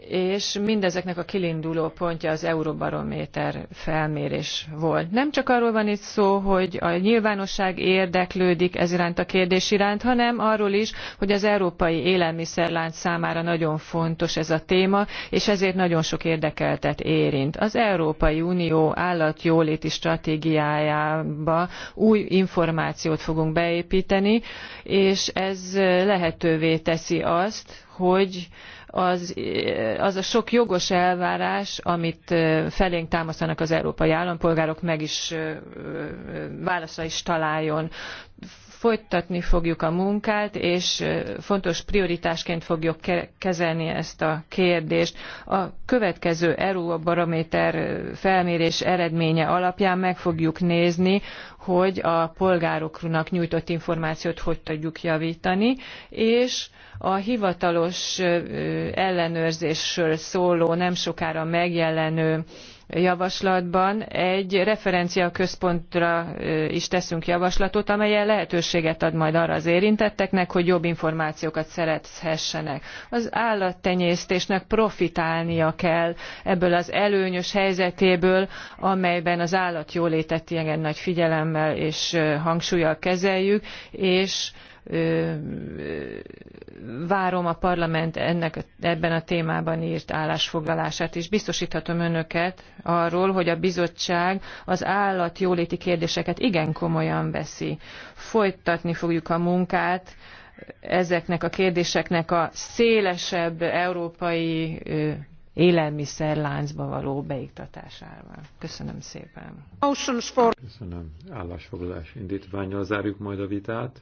és mindezeknek a kilinduló pontja az Euróbarométer felmérés volt. Nem csak arról van itt szó, hogy a nyilvánosság érdeklődik ez iránt a kérdés iránt, hanem arról is, hogy az európai élelmiszerlánc számára nagyon fontos ez a téma, és ezért nagyon sok érdekeltet érint. Az Európai Unió állatjóléti stratégiájába új információt fogunk beépíteni, és ez lehetővé teszi azt, hogy az, az a sok jogos elvárás, amit felénk támasztanak az európai állampolgárok, meg is válasza is találjon folytatni fogjuk a munkát, és fontos prioritásként fogjuk kezelni ezt a kérdést. A következő EU barométer felmérés eredménye alapján meg fogjuk nézni, hogy a polgároknak nyújtott információt hogy tudjuk javítani, és a hivatalos ellenőrzésről szóló nem sokára megjelenő javaslatban egy referenciaközpontra is teszünk javaslatot, amelyen lehetőséget ad majd arra az érintetteknek, hogy jobb információkat szerezhessenek. Az állattenyésztésnek profitálnia kell ebből az előnyös helyzetéből, amelyben az állatjólétet ilyen nagy figyelemmel és hangsúllyal kezeljük, és várom a parlament ennek, ebben a témában írt állásfoglalását, és biztosíthatom önöket arról, hogy a bizottság az állatjóléti kérdéseket igen komolyan veszi. Folytatni fogjuk a munkát, ezeknek a kérdéseknek a szélesebb európai élelmiszerláncba való beiktatásával. Köszönöm szépen. Köszönöm. Állásfoglalás indítványjal zárjuk majd a vitát.